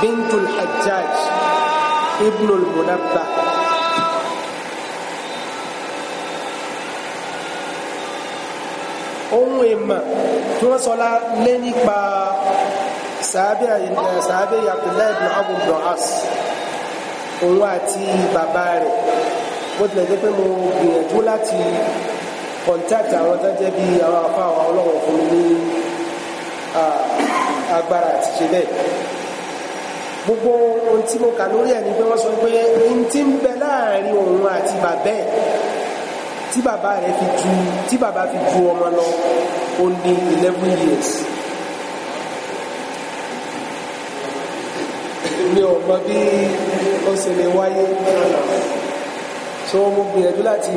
Speaker 1: bintul Hajjaj ibnul Munabba ohun èèmà tí wọ́n sọlá lé nípa sàábẹ́ Abdullahi ibn Abu al òun àti bàbá rẹ̀ bó tilẹ̀ jẹ́ pé mo gbìyànjú láti contact àwọn tó jẹ́ bí àwọn apá àwọn ọlọ́wọ̀ fún mi ní agbára àti ṣe bẹ́ẹ̀ gbogbo ohun tí mo kà lórí ẹ̀ ni pé wọ́n sọ pé ohun tí ń bẹ láàrin òun àti bàbá ẹ̀ tí bàbá rẹ̀ fi ju tí bàbá fi ju ọmọ lọ ó ní eleven years mi ò mọ bí ó ṣe lè wáyé so mo gbìyànjú láti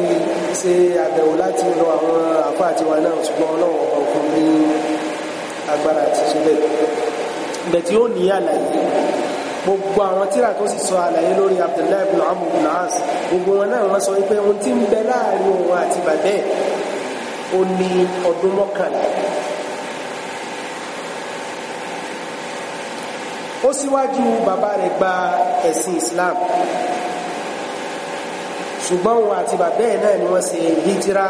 Speaker 1: ṣe àbẹ̀wò láti lọ àwọn àpá àtiwá náà ṣùgbọ́n ọlọ́run ọba ní agbára àti ṣe bẹ́ẹ̀ tí ó ní àlàyé gbogbo àwọn tíra tó sì sọ àlàyé lórí Abdullahi ibn Amr gbogbo wọn náà wọ́n sọ wípé ohun tí ń bẹ láàrin òun àti bàbẹ́ ò ní ọdún mọ́kànlá ó síwájú bàbá rẹ̀ gba ẹ̀sìn islam ṣùgbọ́n òun àti bàbá ẹ̀ náà ni wọ́n ṣe hijira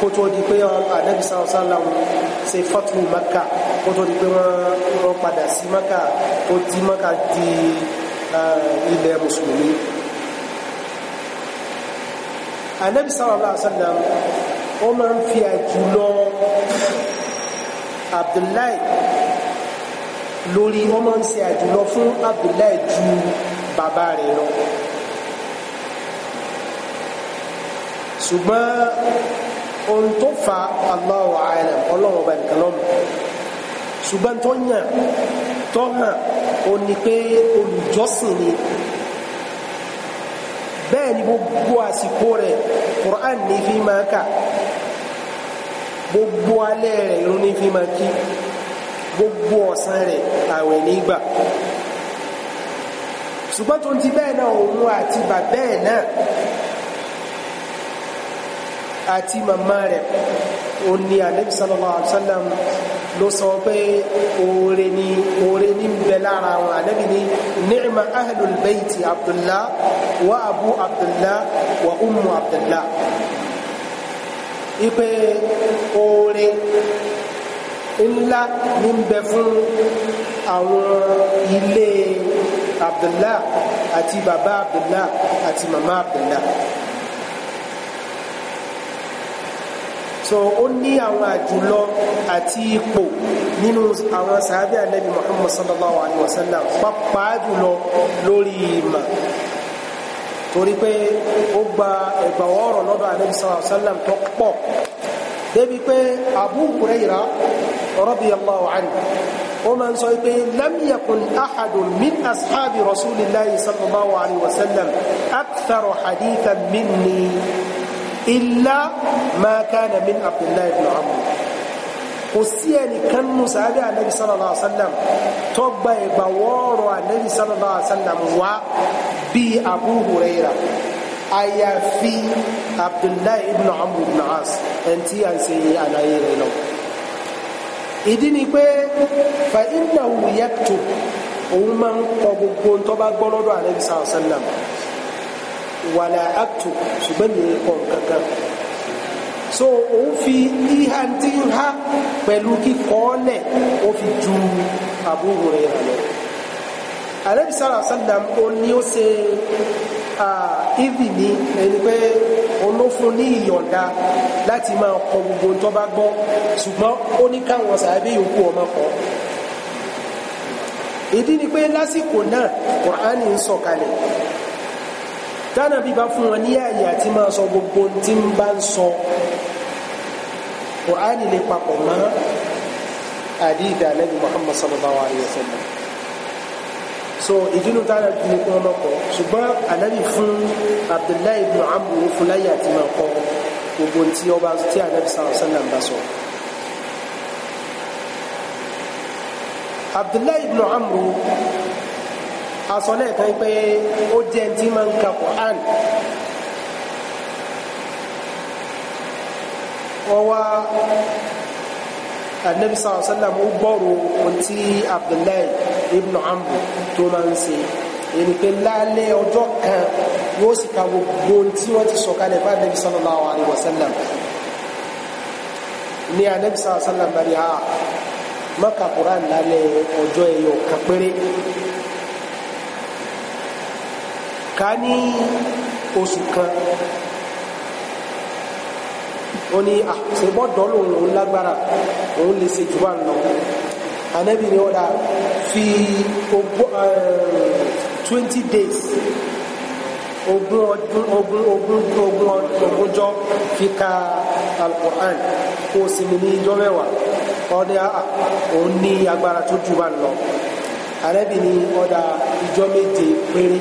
Speaker 1: kó tó di pé ànábì sallallahu alaihi wasallam ṣe fatu maka kó tó di pé wọ́n padà sí maka ó di maka di ilẹ̀ mùsùlùmí ànábì sallallahu ó máa ń fi àjùlọ abdullahi lórí wọ́n máa ń ṣe àjùlọ fún Abdullahi ju bàbá rẹ̀ lọ ṣùgbọ́n ohun tó fa Allahu a'lam ọlọ́run ọba nìkan lọ́mọ ṣùgbọ́n tó yàn tó hàn ó ní pé olùjọ́sìn ni bẹ́ẹ̀ ni gbogbo àsìkò rẹ̀ Qur'an ní fi máa kà gbogbo alẹ́ rẹ̀ irun ní fi máa kí gbogbo ọ̀sán rẹ̀ àwẹ̀ nígbà ṣùgbọ́n tó ń ti bẹ́ẹ̀ náà òun àti bàbá ẹ̀ náà àti màmá rẹ̀ ó ní ànábì sallallahu alaihi wasallam ló sọ pé oore ni oore ní bẹ lára wọn ànábì ní ni'ma ahlul bayti abdullah wa abu abdullah wa ummu abdullah ipe oore ńlá ní ń bẹ fún àwọn ilé abdullah àti bàbá abdullah àti màmá abdullah so ó ní àwọn àjùlọ àti ipò nínú àwọn sàábì ànábì muhammad sallallahu alayhi wa sallam pàápàá jùlọ lórí ìmọ̀ torí pé ó gba ẹ̀gbà ọ̀rọ̀ lọ́dọ̀ ànábì sallallahu alayhi wa tó pọ̀ débi pé abu hurayra radiyallahu الله ó máa ń sọ pé lam yakun ahadun min ashabi rasulillahi sallallahu alayhi wa sallam akthar hadithan minni illa ma kana min abdullahi ibn amr kò sí ẹnìkan nù sàábẹ́ ànábi sallallahu alayhi wa sallam tó gba ìgbà wọ́ọ̀rọ̀ ànábi sallallahu alayhi wa sallam wá bí abu huraira àyàfi abdullahi ibn amr ibn as ẹni tí a ń ṣe àlàyé rẹ̀ lọ ìdí ni pé fa innahu yaktub òun máa ń kọ gbogbo tó bá gbọ́ lọ́dọ̀ àlẹ́bí sàlọ́ sẹ́lẹ̀m wàlà aktub ṣùgbọ́n mi kọ̀ kankan so òun fi ìhà tí ń ha pẹ̀lú kíkọ́ lẹ̀ ó fi ju àbúrò rẹ̀ lọ àlẹ́bí sàlọ́ sẹ́lẹ̀m ó ní ó ṣe ìdì ní ẹni pé olófún ní ìyọ̀ǹda láti máa kọ gbogbo tó bá gbọ́ ṣùgbọ́n ó ní káwọn sàábé yòókù ọmọ kọ́ ìdí ni pé lásìkò náà Kùránì ń sọ̀kalẹ̀ tánàbí bá fún wọn ní ààyè àti máa sọ gbogbo tí ń bá ń sọ Kùránì lè papọ̀ mọ́ àdí ìdánẹ́bí Muhammad sallallahu alayhi so ìdínú tára ní kí wọ́n mọ́kọ̀ ṣùgbọ́n ànábì fún abdullahi ibn amru fún láyé àti máa kọ gbogbo tí ọba tí ànábì sáwọn sọ́nà ń bá sọ abdullahi ibn amru aṣọ lẹ́ẹ̀kan pé ó jẹ́ tí máa ń ka quran ọwá ànábì sáwọn sọ́nà ń gbọ́rọ̀ ohun tí abdullahi ibn ambu tó máa ń ṣe ẹni pé lálẹ́ ọjọ́ kan yóò sì ka gbogbo tí wọ́n ti sọ̀kalẹ̀ bá nẹ́bí sallallahu alaihi wasallam ní anẹ́bí sallallahu alaihi wasallam bá ní àá ah, mọ́kà quran lálẹ́ ọjọ́ ẹ̀yọ kan péré ká ní oṣù kan ó ní àṣebọ́dọ́ ah, lòun lágbára òun lè ṣe jù wà lọ anabi ni ọ̀dà fi ogún eh, twenty days ogún ọdún ogún ogún ogún ogún jọ fi ka alukur'an kó o sinmi ní ijọ́ mẹ́wàá ọdẹ àà òun ní agbára tó jù bá lọ anabi ni ọ̀dà ijọ́ méje péré.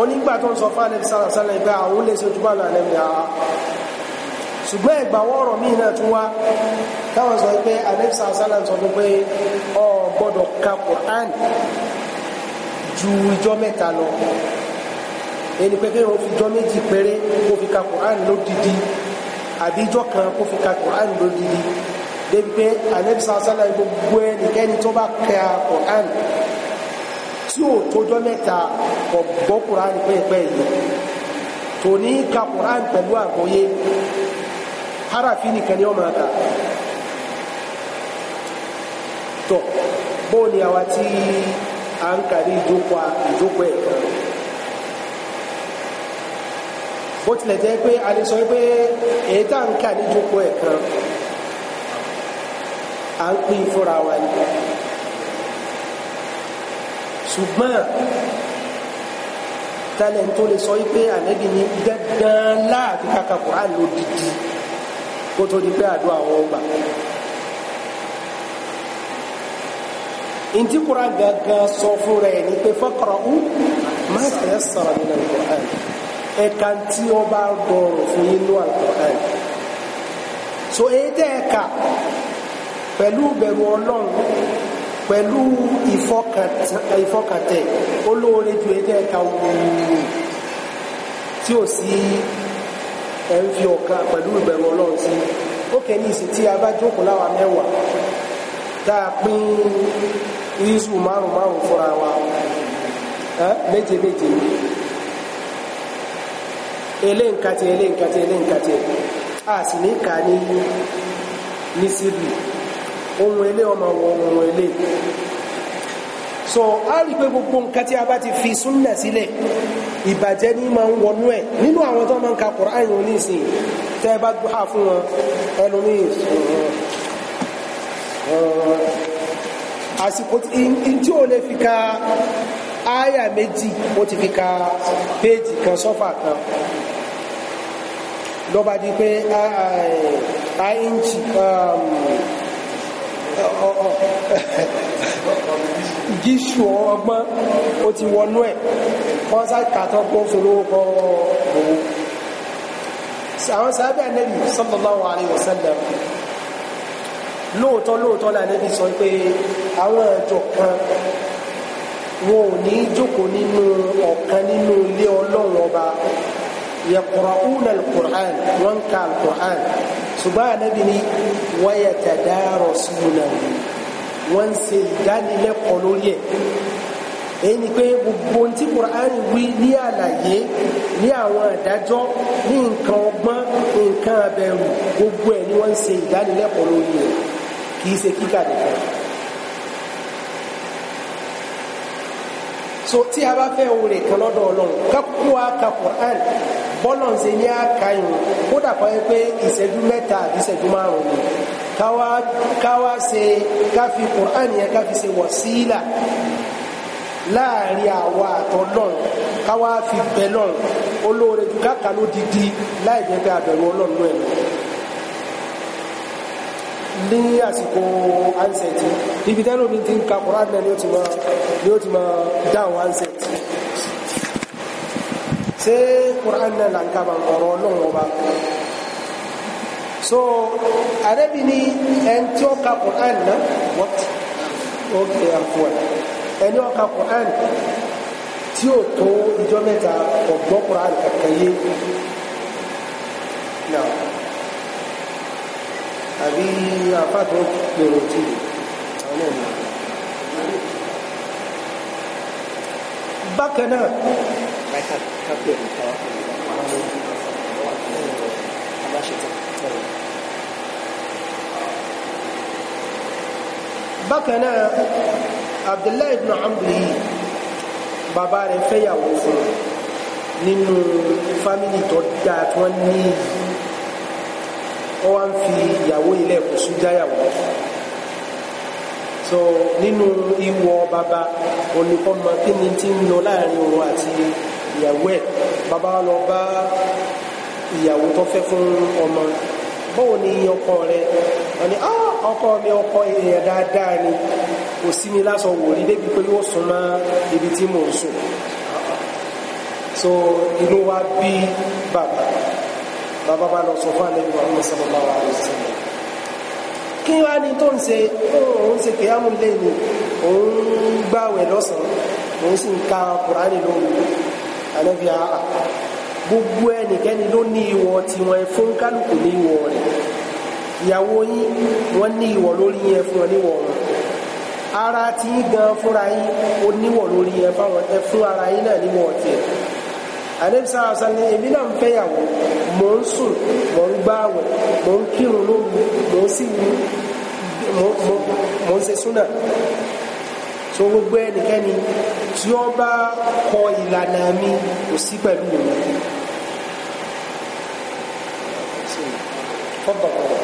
Speaker 1: onígbà tó ń sọ fún anabi sàlàsàlà ìgbà àwọn olè ṣojú bá lọ anabi àà ṣùgbọ́n ìgbàwọ́ ọ̀rọ̀ míì náà tún wá táwọn sọ pé anẹ́bísà sálàm sọ pé ọ gbọ́dọ̀ ka Qur'an ju ìjọ mẹ́ta lọ ẹni pé kéèyàn fi ìjọ méjì péré kó fi ka Qur'an lódidi àbí ìjọ kan kó fi ka Qur'an lódidi débi pé anẹ́bísà sálàm gbogbo ẹnikẹ́ni tó bá ka Qur'an tí ò tójọ́ mẹ́ta kò gbọ́ Qur'an pẹ́ẹ́pẹ́ yìí tòní ka Qur'an pẹ̀lú àgbọ́yé harafi fini aka bụ bóò tí a ń kàrí ìjókòó ìjókòó ẹ̀kọ́ bó tilẹ̀ jẹ́ pé a lè sọ pé èyí tá à ń kà ní ìjókòó ń pín fúnra wa ni ṣùgbọ́n tálẹ̀ tó lè sọ pé ní dandan láàfin kó tó di pé àdúrà wọn gbà. ntí kura gangan sọ fún rẹ ni pé faqra'u ma tayassara nínú al-Qur'an ẹ̀ka tí ó bá gbọ̀rọ̀ fún yín ní so èdè ẹ̀ka pẹ̀lú bẹ̀rù ọlọ́run pẹ̀lú ìfọkàtẹ̀ olóore ju èdè ẹ̀ka òwúrò tí ò sí. ẹ̀ ń fi ọ̀kan pẹ̀lú ìbẹ̀rù ọlọ́run sí ó kẹ́ ní ìsìn tí a bá jókòó láwa mẹ́wàá tá a pín isu márùn márùn fúnra wa méje méje eléǹkatì eléǹkatì eléǹkatì a sì ní kà ní ní síbi ohun elé ọmọ wọ ohun so a rí pé gbogbo nǹkan tí a bá ti fi súnà sílẹ̀ ìbàjẹ́ ní máa ń wọnú ẹ̀ nínú àwọn tó máa ń ka Kùránì wọn nísìnyí tẹ́ ẹ bá gbà fún wọn ẹlòmíì àsìkò tí ó lè fi ka áyà méjì ó ti fi ka péjì kan sọ́fà kan lọ́ba di pé áyìnjì gíṣù ọgbọ́n ó ti wọnú ẹ̀ wọ́n sàkàtọ́ pọ́ fòlówó kọ́ owó àwọn sàábẹ́ ànẹ́bì sallallahu alaihi wasallam lóòótọ́ lóòótọ́ lànẹ́bì sọ pé àwọn àjọ kan wọn ò ní jókòó nínú ọ̀kan nínú ilé ọlọ́run ọba yaqra'una al-Qur'an wọn quran ṣùgbọ́n ànábì ni wáyà tàdárọ̀ sí múnà wọ́n ń ṣe ìdánilẹ́kọ̀ọ́ lórí ẹ̀ èyí ni pé gbogbo tí Kùránì wí ní àlàyé ní àwọn àdájọ́ ní nǹkan ọgbọ́n nǹkan abẹ̀rù gbogbo ẹ̀ ni wọ́n ń ṣe ìdánilẹ́kọ̀ọ́ lórí ẹ̀ kìí ṣe kíkà nìkan so tí a bá fẹ́ òun rè kan lọ́dọ̀ Ọlọ́run ká wa ka Kùránì bọ́lọ̀ ń ṣe ní àkàyùn kódà kọ́ pé ìṣẹ́jú mẹ́ta àbí ìṣẹ́jú márùn-ún ni káwá ṣe káfi Kùránì yẹn káfi ṣe wọ̀síìlà láàrin àwa àtọ́ náà káwá fi bẹ náà olóore ju káka ló didi láì jẹ́ pé àbẹ̀wò ọlọ́run ẹ̀ ní àsìkò ansẹ̀tì ibi tẹ́lómi ti ń ka Kùránì ni ó ti máa dáhùn ansẹ̀tì. Se Qur'an náà là ń kaba ọ̀rọ̀ ọlọ́run ọba so àrẹ́bí ni ẹni ka Qur'an náà what okay àfọ ẹni ka Qur'an tí ó tó ìjọ mẹ́ta ọ̀gbọ́n Qur'an kankan yé náà àbí àfáàtò
Speaker 2: lèrò tí àwọn ọ̀nà bákan náà 来看看电影，然后马上就他们写这个。
Speaker 1: bákan náà abdullahi ibn amri bàbá rẹ̀ fẹ́yàwó fún nínú fámìlì tó dáa tí wọ́n ní wọ́n wá ń fi ìyàwó ilé ẹ̀kọ́ sújáyàwó so nínú ìwọ bàbá oníkọ́ mọ kí ni ti ń lọ láàrin òun àti ìyàwó ẹ̀ bàbá lọ bá ìyàwó tó fẹ́ fún ọmọ báwo ni ọkọ rẹ wọn ni ah, ọkọ mi ọkọ èèyàn dáadáa ni kò sí mi lásọ wò rí débi pé ó sùn mọ́ ibi tí mò ń sùn so inú wa bí bàbá bàbá bá lọ sọ fún àlẹ́ ìwà ọmọ sábà bá wà lọ sí i kí wá ní tó ń ṣe òun ṣe kìyàmù lẹ́yìn òun gbàwẹ̀ lọ́sàn-án òun sì ń ka kùránì lóru ànábi àá ah, ah, gbogbo ẹnikẹ́ni ló ní ìwọ tiwọn fún kálukú ní ìwọ rẹ̀ ìyàwó yín wọ́n ní ìwọ lórí yẹn fún ọ níwọ wọn ara tí yín gan fúnra yín ó níwọ lórí yẹn fáwọn ẹ fún ara yín náà níwọ tiẹ̀ ànábi sáà èmi náà ń fẹ́yàwó mò ń sùn mò ń gbààwẹ̀ mò ń kírun lóru mò ń sì mò ń ṣe súnà so gbogbo ẹnikẹ́ni tí ó bá kọ ìlànà mi kò sí pẹ̀lú mi.
Speaker 2: Fọ́bọ̀bọ̀.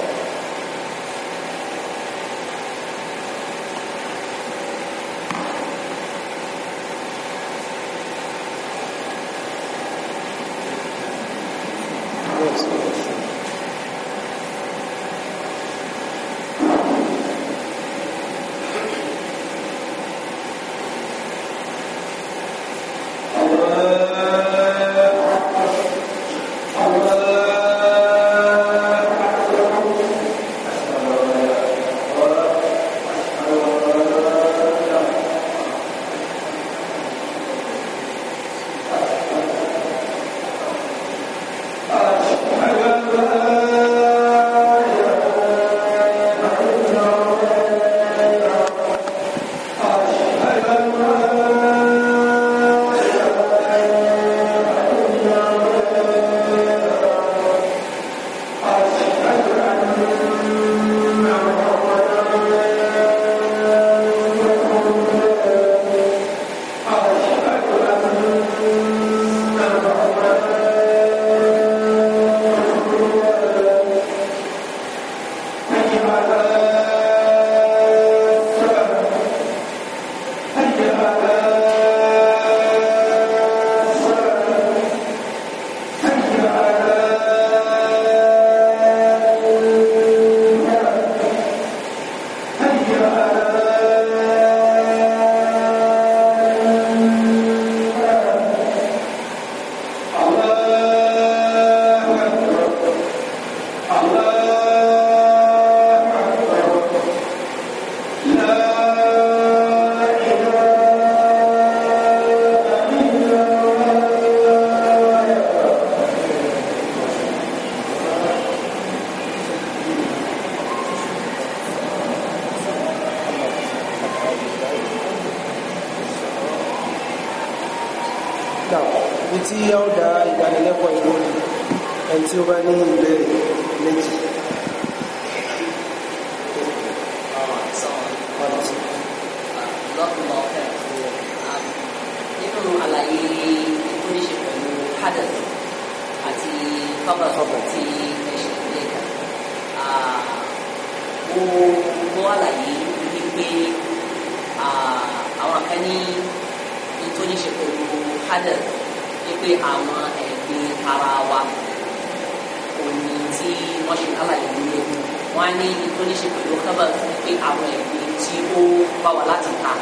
Speaker 2: wọ́n ṣe kálà ìlú ogun wọ́n á ní tó ní ṣe pẹ̀lú kábà ní pé àwọn ẹ̀gbìn tí ó bá wà láti ta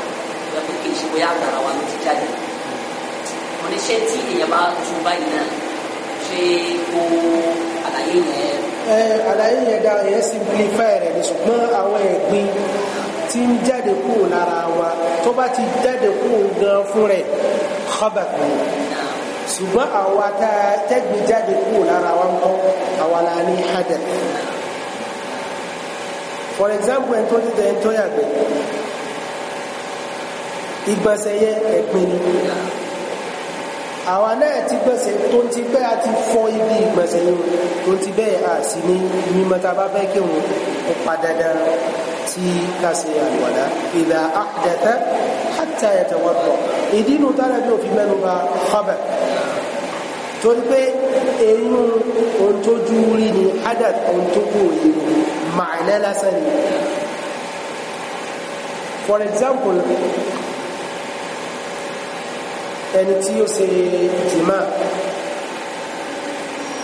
Speaker 2: ìgbà pé kì í ṣe bóyá àgbàrá wa ló ti jáde wọ́n ní ṣé tí èèyàn bá tún báyìí náà ṣé o àlàyé yẹn.
Speaker 1: ẹ àlàyé yẹn dára yẹn simplify rẹ ṣùgbọ́n àwọn ẹ̀gbìn tí ń jáde kúrò lára wa tó bá ti jáde kúrò gan fún rẹ̀ kábà kan ṣùgbọ́n àwa tá a tẹ́gbìn jáde kúrò lára wa kọ́ àwa la ní for example ẹni tó ti tẹ ẹni tó yàgbẹ́ ìgbọ̀nsẹ̀ yẹ ẹ̀gbin ni àwa náà ti gbọ̀nsẹ̀ tó ti pẹ́ a ti fọ ibi ìgbọ̀nsẹ̀ yìí tó ti bẹ́ẹ̀ a sì ní mímọ́ tá a bá fẹ́ kí òun ó pa dandan tí ká ṣe àlùwàlá ìlà àdẹ̀tẹ́ àtàyẹ̀tẹ̀wọ̀tọ̀ ìdí inú tára òfin mẹ́nu bà khabẹ̀ torí pé eyín ohun tó ju rí ni hadat ohun tó kú òye màálẹ́ lásán ni for example ẹni tí ó ṣe jìmá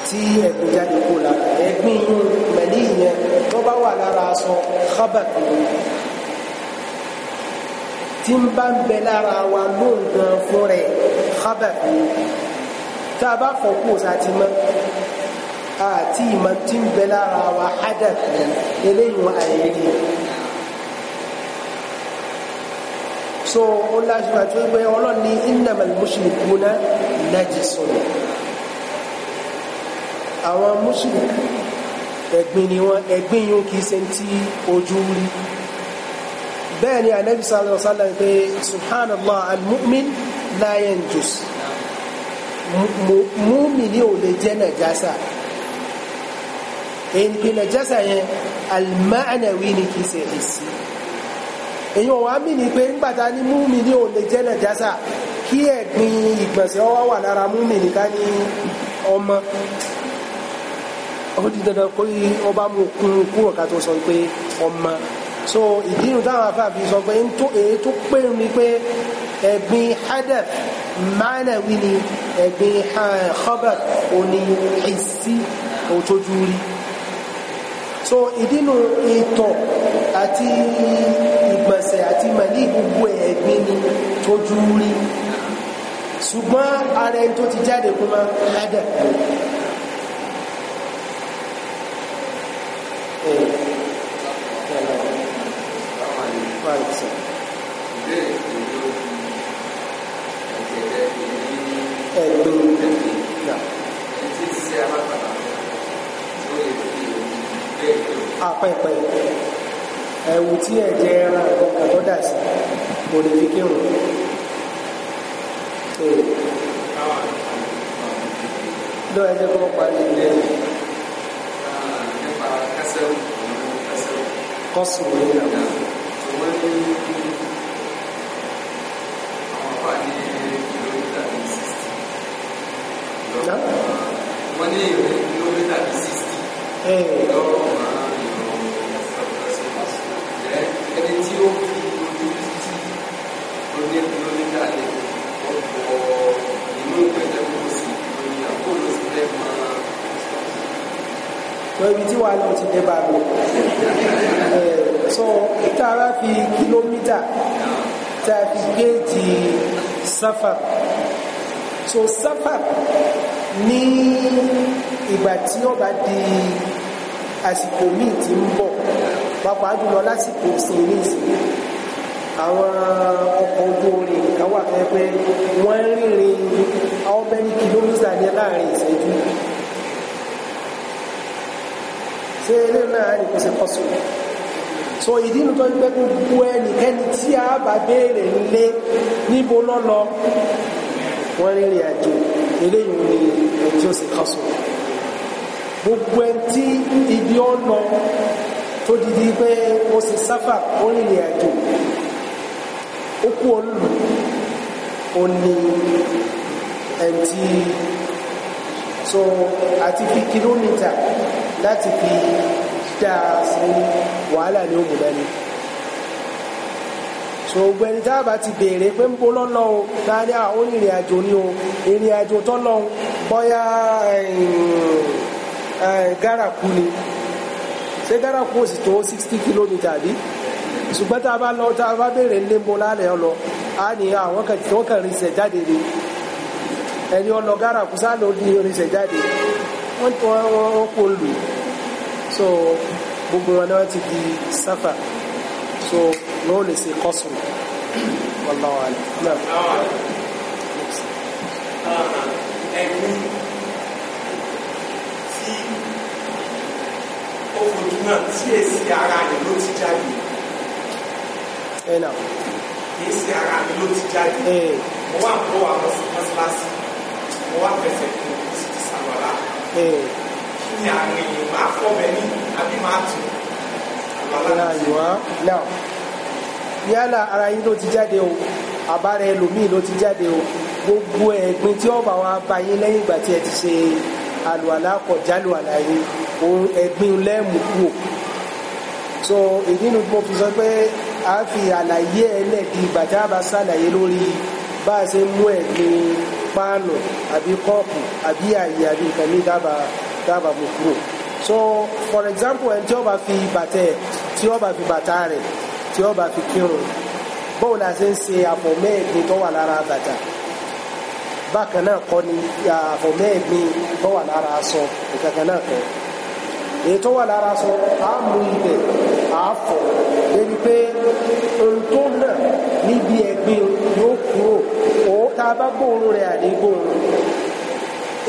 Speaker 1: tí ẹ̀gbìn jáde kó lára ẹ̀gbìn yún pẹ̀lú ìyẹn tó bá wà lára aṣọ khabat tí ń bá ń bẹ lára wa lóògùn fún rẹ̀ khabat ni tá a bá fọ̀ kú òsà ti mọ́ àti ìmọ̀ tí ń bẹ lára wa hádàf eléyìí àìrí so ó láṣọ àti pé ọlọ́ni innamal mushrikuna najisun àwọn mùsùlùmí ẹ̀gbin ni wọ́n ẹ̀gbin yóò kìí ṣe tí ojú rí bẹ́ẹ̀ ni ànábì sallallahu alaihi pé subhanallah almu'min la yanjus múmìnì ò lè jẹ́ nàjásà èyí pé nàjásà yẹn alìmáànàwí ni kìí ṣe èsì èyí wọn wá mì ní pé ńgbàtà ní múmìnì ò lè jẹ́ nàjásà kí ẹ̀gbin ìgbọ̀nsẹ̀ ọwọ́ wà lára múmìnì ká ní ọmọ ó di dandan pé ọba mú kún kúrò ká tó sọ pé ọmọ so ìdínú táwọn afáàfin sọ pé èyí tó pé ní pé ẹ̀gbin hadaf máànàwí ni ẹ̀gbin khabar òní ìsí òtójú rí so ìdínú ìtọ̀ àti ìgbọ̀nsẹ̀ àti mẹ̀lí gbogbo ẹ̀gbin ni tójú rí ṣùgbọ́n ara ẹni tó ti jáde kó máa ládàá pẹ̀pẹ̀ ẹ̀wù tí ẹ̀jẹ̀ ẹran àgbọ̀kà tó dà sí kò lè fi kírun. lọ ẹjẹ kọ́ parí ilé
Speaker 2: kọ́sù rẹ̀ náà. wọ́n ní ìrìn kìlómítà bíi sixty.
Speaker 1: lọ ibi tí wàá náà ti dé bá lọ so tá a bá fi kìlómítà tá a fi géèjì sáfà so sáfà ní ìgbà tí ó bá di àsìkò míì tí ń bọ̀ pàápàá jùlọ lásìkò ìsinmi ìsinmi àwọn ọkọ̀ ojú orin ìkàwà pẹ́pẹ́ wọ́n rìnrìn how many kilometers ní láàrin ìṣẹ́jú ṣe náà ni kò sí so ìdí inú tó ń gbẹ́ gbogbo ẹnikẹ́ni tí a bá béèrè nílé níbo lọ́lọ́ wọ́n rìnrìn àjò eléyìí ni ẹ̀tí ó sì kọ́sù gbogbo ẹni tí ibi ọ̀nà tó dìdí pé ó sì sáfà ó rìnrìn àjò ó kú olùlù ó ní ẹni tí so àti fi kìlómítà láti fi dáa fún wàhálà ní òmùdá ni so gbẹni tá a bá ti béèrè pé ń bọ́ lọ́lọ́ o ta ni àwọn ìrìn àjò ni o ìrìn àjò tó lọ bóyá gárakú ni ṣé gárakú ò sì tó sixty kilometre bí ṣùgbọ́n tá a bá lọ tá a bá béèrè ń lé ń bọ́ lálẹ́ ọ lọ a ní àwọn kan tí wọ́n kàn rinṣẹ̀ jáde ni ẹni ọlọ gárakú sá ló ní rinṣẹ̀ jáde wọ́n wọ́n kó lù so gbogbo wọn náà ti di sáfà so lọ́wọ́ lè ṣe kọ́sùn wàláwà náà.
Speaker 2: ẹ̀mí tí ó fojú náà tí èsì ara rẹ̀ ló ti jáde.
Speaker 1: ẹ eh, èsì ara rẹ̀ ló ti jáde. Eh. mo wà ń kó àwọn mọ́sálásí mo wà fẹsẹ̀ kó o sì kí ni àwọn èèyàn máa fọ́ bẹ̀ ní àbí máa tù àbálá àyùwá náà yálà ara yín ló ti jáde o àbára ẹlòmíì ló ti jáde o gbogbo ẹ̀gbin tí ọba wa bá yín lẹ́yìn ìgbà tí ẹ ti ṣe àlùwàlá kọjá àlùwàlá yín òun ẹ̀gbin lẹ́ẹ̀mú kú so èyí ni mo fi sọ pé a fi àlàyé ẹlẹ́ẹ̀dì ìgbà tí a lórí bá a ṣe mú ẹ̀gbin páànù àbí kọ́ọ̀pù àbí àyè àbí nǹkan ní dábàá dábàá mú kúrò so for example ẹni tí ó bá fi bàtẹ tí ó bá fi bàtà rẹ̀ tí ó bá fi kírun bóun la ṣe ń ṣe àfọ̀mẹ́ẹ̀gbin tó wà lára bàtà bákan náà kọ́ ni àfọ̀mẹ́ẹ̀gbin tó wà lára aṣọ ìkankan náà kọ́ èyí tó wà lára aṣọ á mú ilẹ̀ á fọ̀ débi pé ohun tó náà níbi ẹ̀gbin yóò kúrò tá a bá gbóòórùn rẹ̀ àní gbóòórùn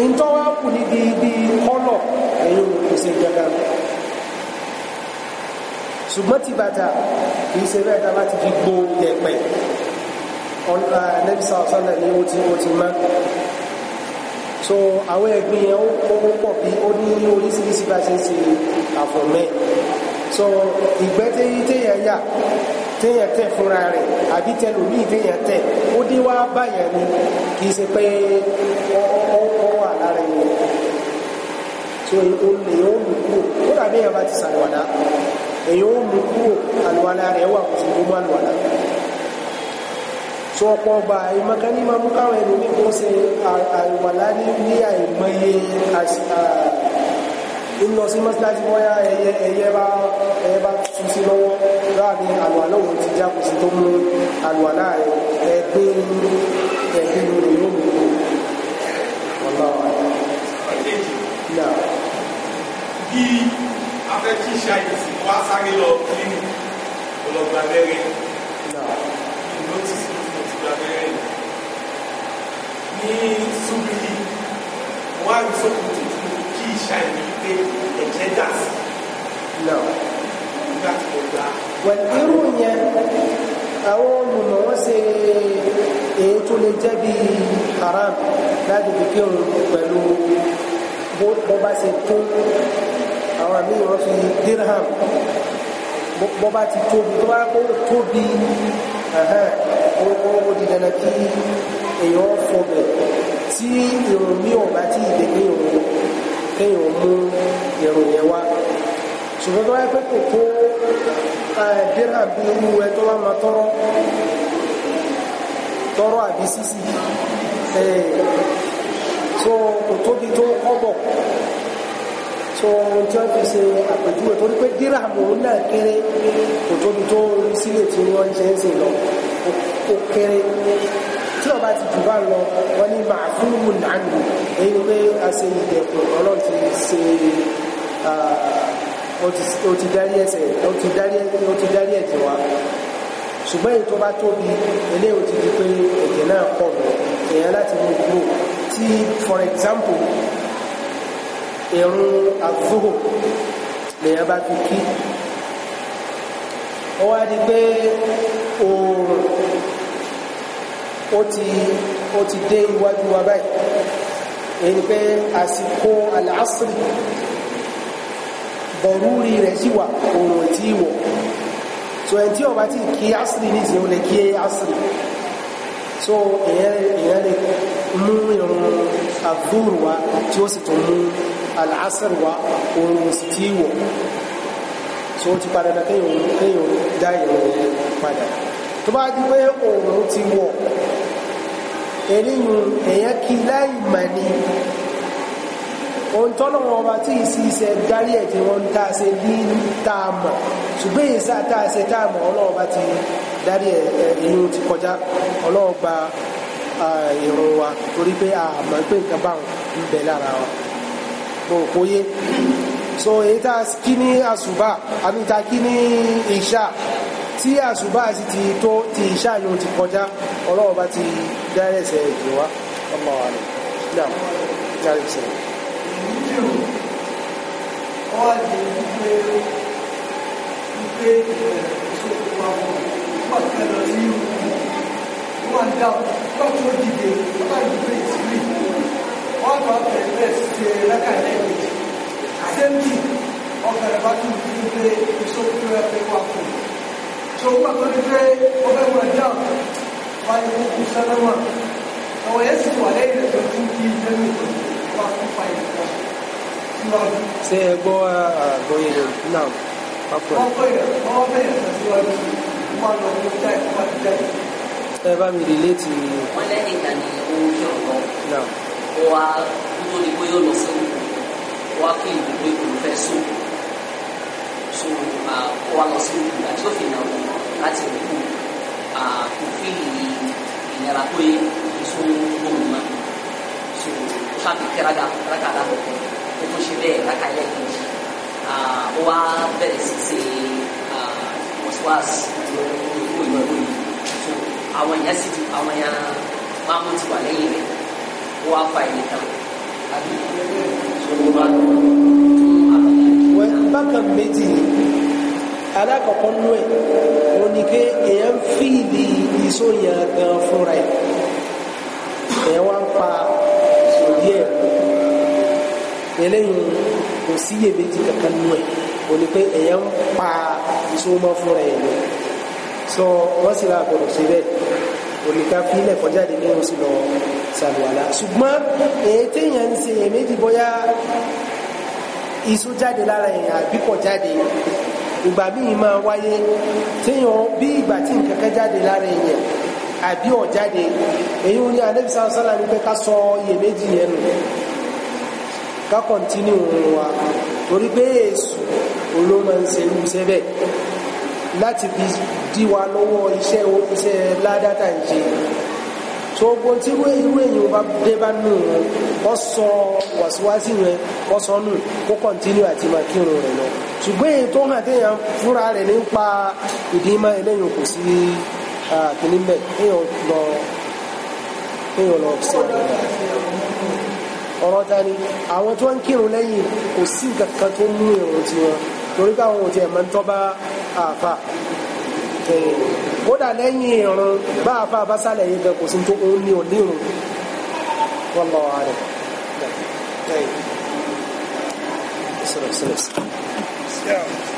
Speaker 1: ìtọ́wá kù níbi ibi kọ́lọ̀ ẹ̀yìn òkèsè gẹ́gẹ́ ṣùgbọ́n ti bàtà kìí ṣe bẹ́ẹ̀ tàbá ti fi gbó yẹ̀pẹ̀ ọ̀nà so àwọn ẹ̀gbìn yẹn ó pọ̀ bí ó ní oríṣiríṣi bá ṣe so ìgbẹ́ téyí téyẹ̀ téèyàn tẹ̀ fúnra rẹ̀ àbí tẹlòmíì téèyàn tẹ̀ ó dé wá báyàn ni kì í ṣe pé ó wà lára ẹ̀yìn tó olè ó mú kúrò ó dàbí èèyàn bá ti sàlùwàlá èèyàn ó kúrò àlùwàlá rẹ̀ wà kò sí gbogbo àlùwàlá ń lọ sí mọ́síláṣí bóyá ẹyẹ ẹyẹ bá ẹyẹ bá tún sí lọ́wọ́ láàbí àlùwàlá òun ti já kò sí tó mú àlùwàlá rẹ ẹgbẹ́ ẹgbẹ́ lórí yóò mú kó ọlọ́wà. bí afẹ́ tí ṣe àyẹ̀sí wá sáré lọ nínú ọlọ́gbà abẹ́rẹ́ ìlú tí ti gba abẹ́rẹ́ ní súnbìlì wọ́n á rí sókòtò fún kí ìṣàyẹ̀wò pé ẹ̀jẹ̀ dà sí nígbà tí mo gbà. wọ́n irú yẹn àwọn olùmọ̀ wọ́n ṣe èyí tó lè jẹ́ bí haram láti fi kírun pẹ̀lú bó bá ṣe tó àwọn àmì wọ́n fi dirham bó bá ti tóbi tó bá kó tóbi ó di dandan kí èèyàn fọbẹ̀ tí ìròmí ọ̀bá tí ìdèmí òun kéèyàn mú irun yẹn wá ṣùgbọ́n tó wáyé pé kò kó dírà bí irú ẹ tó wá máa tọrọ tọrọ àbí sísì tó kò tóbi tó kọ́bọ̀ tó ohun tí wọ́n fi ṣe àpèjúwe torí pé dírà mòún náà kéré kò tóbi tó sílẹ̀ tí wọ́n ń ń sìn lọ ó kéré tí ọba ti jù bá lọ wọn ní màá fún un nàánú èyí pé a ṣe ìdẹ̀kùn ọlọ́run ti ṣe ó ti dárí ẹsẹ̀ ó ti dárí ẹ̀jẹ̀ wa ṣùgbọ́n èyí tó bá tóbi eléyìí ó ti di pé ẹ̀jẹ̀ náà pọ̀ lọ èèyàn láti mú kúrò tí for example ìrun àzúhò lèyàn bá fi kí ó wá di pé oòrùn ó ti ó ti dé iwájú wa báyìí èyí ni pé àsìkò àlàásìrì bọ̀rúurì rẹ̀ sì wà òòrùn tí wọ̀ so ẹni tí ó bá ti kí àsìrì ní ìsìn ó lè kí àsìrì so èèyàn lè mú ìrun àdúrù wa tí ó sì tún mú àlàásìrì wa òòrùn tí wọ̀ so ó ti padà dá kéèyàn dá ìrun padà tó bá di pé òòrùn ti wọ̀ eléyìn èèyàn kí láì mà ní ohun tọ́nà wọn ọba tí ìsì iṣẹ́ darí ẹ̀ tí wọ́n ń tá a ṣe ní tá a mọ̀ ṣùgbọ́n èyí sá tá a ṣe tá a mọ̀ ọlọ́wọ́ bá ti darí ẹ̀ ẹ̀yìn ti kọjá ọlọ́wọ́ gba ìrun wa torí pé a mọ̀ pé nǹkan bá ń bẹ lára wa mo kò yé so èyí tá a kí ní àṣùbà àmì tá a kí ní ìṣà tí àṣùbà sì ti tó ti ìṣà yóò ti kọjá ọlọ́wọ́ bá ti dárẹ̀sẹ̀ ẹ̀jẹ̀ wá ọmọ wa rẹ̀ náà kárí sẹ́yìn. ọwọ́ àti wípé wípé ìbẹ̀rẹ̀ ìṣòro wa wọ̀ wọ́n àti ẹ̀rọ sí ìlú wọ́n àti dáhùn wọ́n tó dìde wọ́n bá ìdúgbò ìtìrí wọ́n àgbà bẹ̀rẹ̀ bẹ́ẹ̀ ṣe lákàlẹ́ ìgbèjì àdéhùn ọkàrẹ̀ bá tún fi
Speaker 2: wọ́n ní kó kú sẹ́lẹ̀ wọn àwọn yẹn sì wà lẹ́yìn ẹ̀jọ́ tí ń kí jẹ́ mi wọ́n kú fa ìdíkọ́ síwájú.
Speaker 1: ṣé ẹ gbọ́ uh, àgbọ̀yé rẹ̀ náà pápọ̀ rẹ̀. wọ́n
Speaker 2: bẹ̀rẹ̀ wọ́n bẹ̀rẹ̀ sọ síwájú wọ́n lọ kó já ìfọ́n jáde. ni ìnira tó yẹ èso gbòòrò ma so ó ṣàfi kíraga kíraga alákọ̀ọ́kọ́ ó tó ṣe bẹ́ẹ̀ kíraga ẹlẹ́kejì ó wá bẹ̀rẹ̀ sí ṣe wọ́síwáàsì ìlú ìlú ìlú yìí so àwọn èèyàn sì ti àwọn èèyàn máa mú ti wà lẹ́yìn rẹ̀ ó wá fa ìlú kan àbí so ó bá lọ.
Speaker 1: wọ́n alákọ̀ọ́kọ́ nú ẹ̀ ó ní pé èèyàn fíìlì ìsóyàn gan fúnra ẹ̀ èèyàn wá ń pa òdí ẹ̀ eléyìí kò síyèméjì kankan nú ẹ̀ ó ní pé èèyàn ń pa ìsómọ́ fúnra ẹ̀ lọ sọ wọ́n sì máa gbọ̀dọ̀ sí bẹ́ẹ̀ òníká fílẹ̀ kọjáde ní oṣù lọ sàlùwàlá ṣùgbọ́n èyí téèyàn ń ṣe èméjì bóyá ìsó jáde lára èèyàn àbí kò jáde ìgbà míì máa wáyé téèyàn bí ìgbà tí nǹkan kan jáde lára èèyàn àbí ọ̀jáde èyí ni anẹ́bísà sálà ní pé ká sọ iyèméjì yẹn nù ká kọ̀ntínú òun wa torí pé èsù ló máa láti fi dí wa lọ́wọ́ iṣẹ́ iṣẹ́ ládátà ń tó gbogbo tí irú èyí bá dé bá nù wọn kó sọ wàsíwàsí yẹn kó sọ nù kó kọ́ntínú àti máa kírun rẹ̀ lọ ṣùgbọ́n èyí tó hàn téèyàn fúnra rẹ̀ nípa ìdímọ̀ eléyìí kò sí kìíní mbẹ kéèyàn lọ kéèyàn lọ sí ọ̀rọ̀ rẹ̀ ọ̀rọ̀ ta ni àwọn tó ń kírun lẹ́yìn kò sí nǹkan kan tó mú èrò tiwọn torí káwọn ò tiẹ̀ máa ń tọ́ bá àáfà kódà lẹ́yìn ìrun bá a fa abásálẹ̀ yìí gan kò sí tó òun
Speaker 2: ní rẹ̀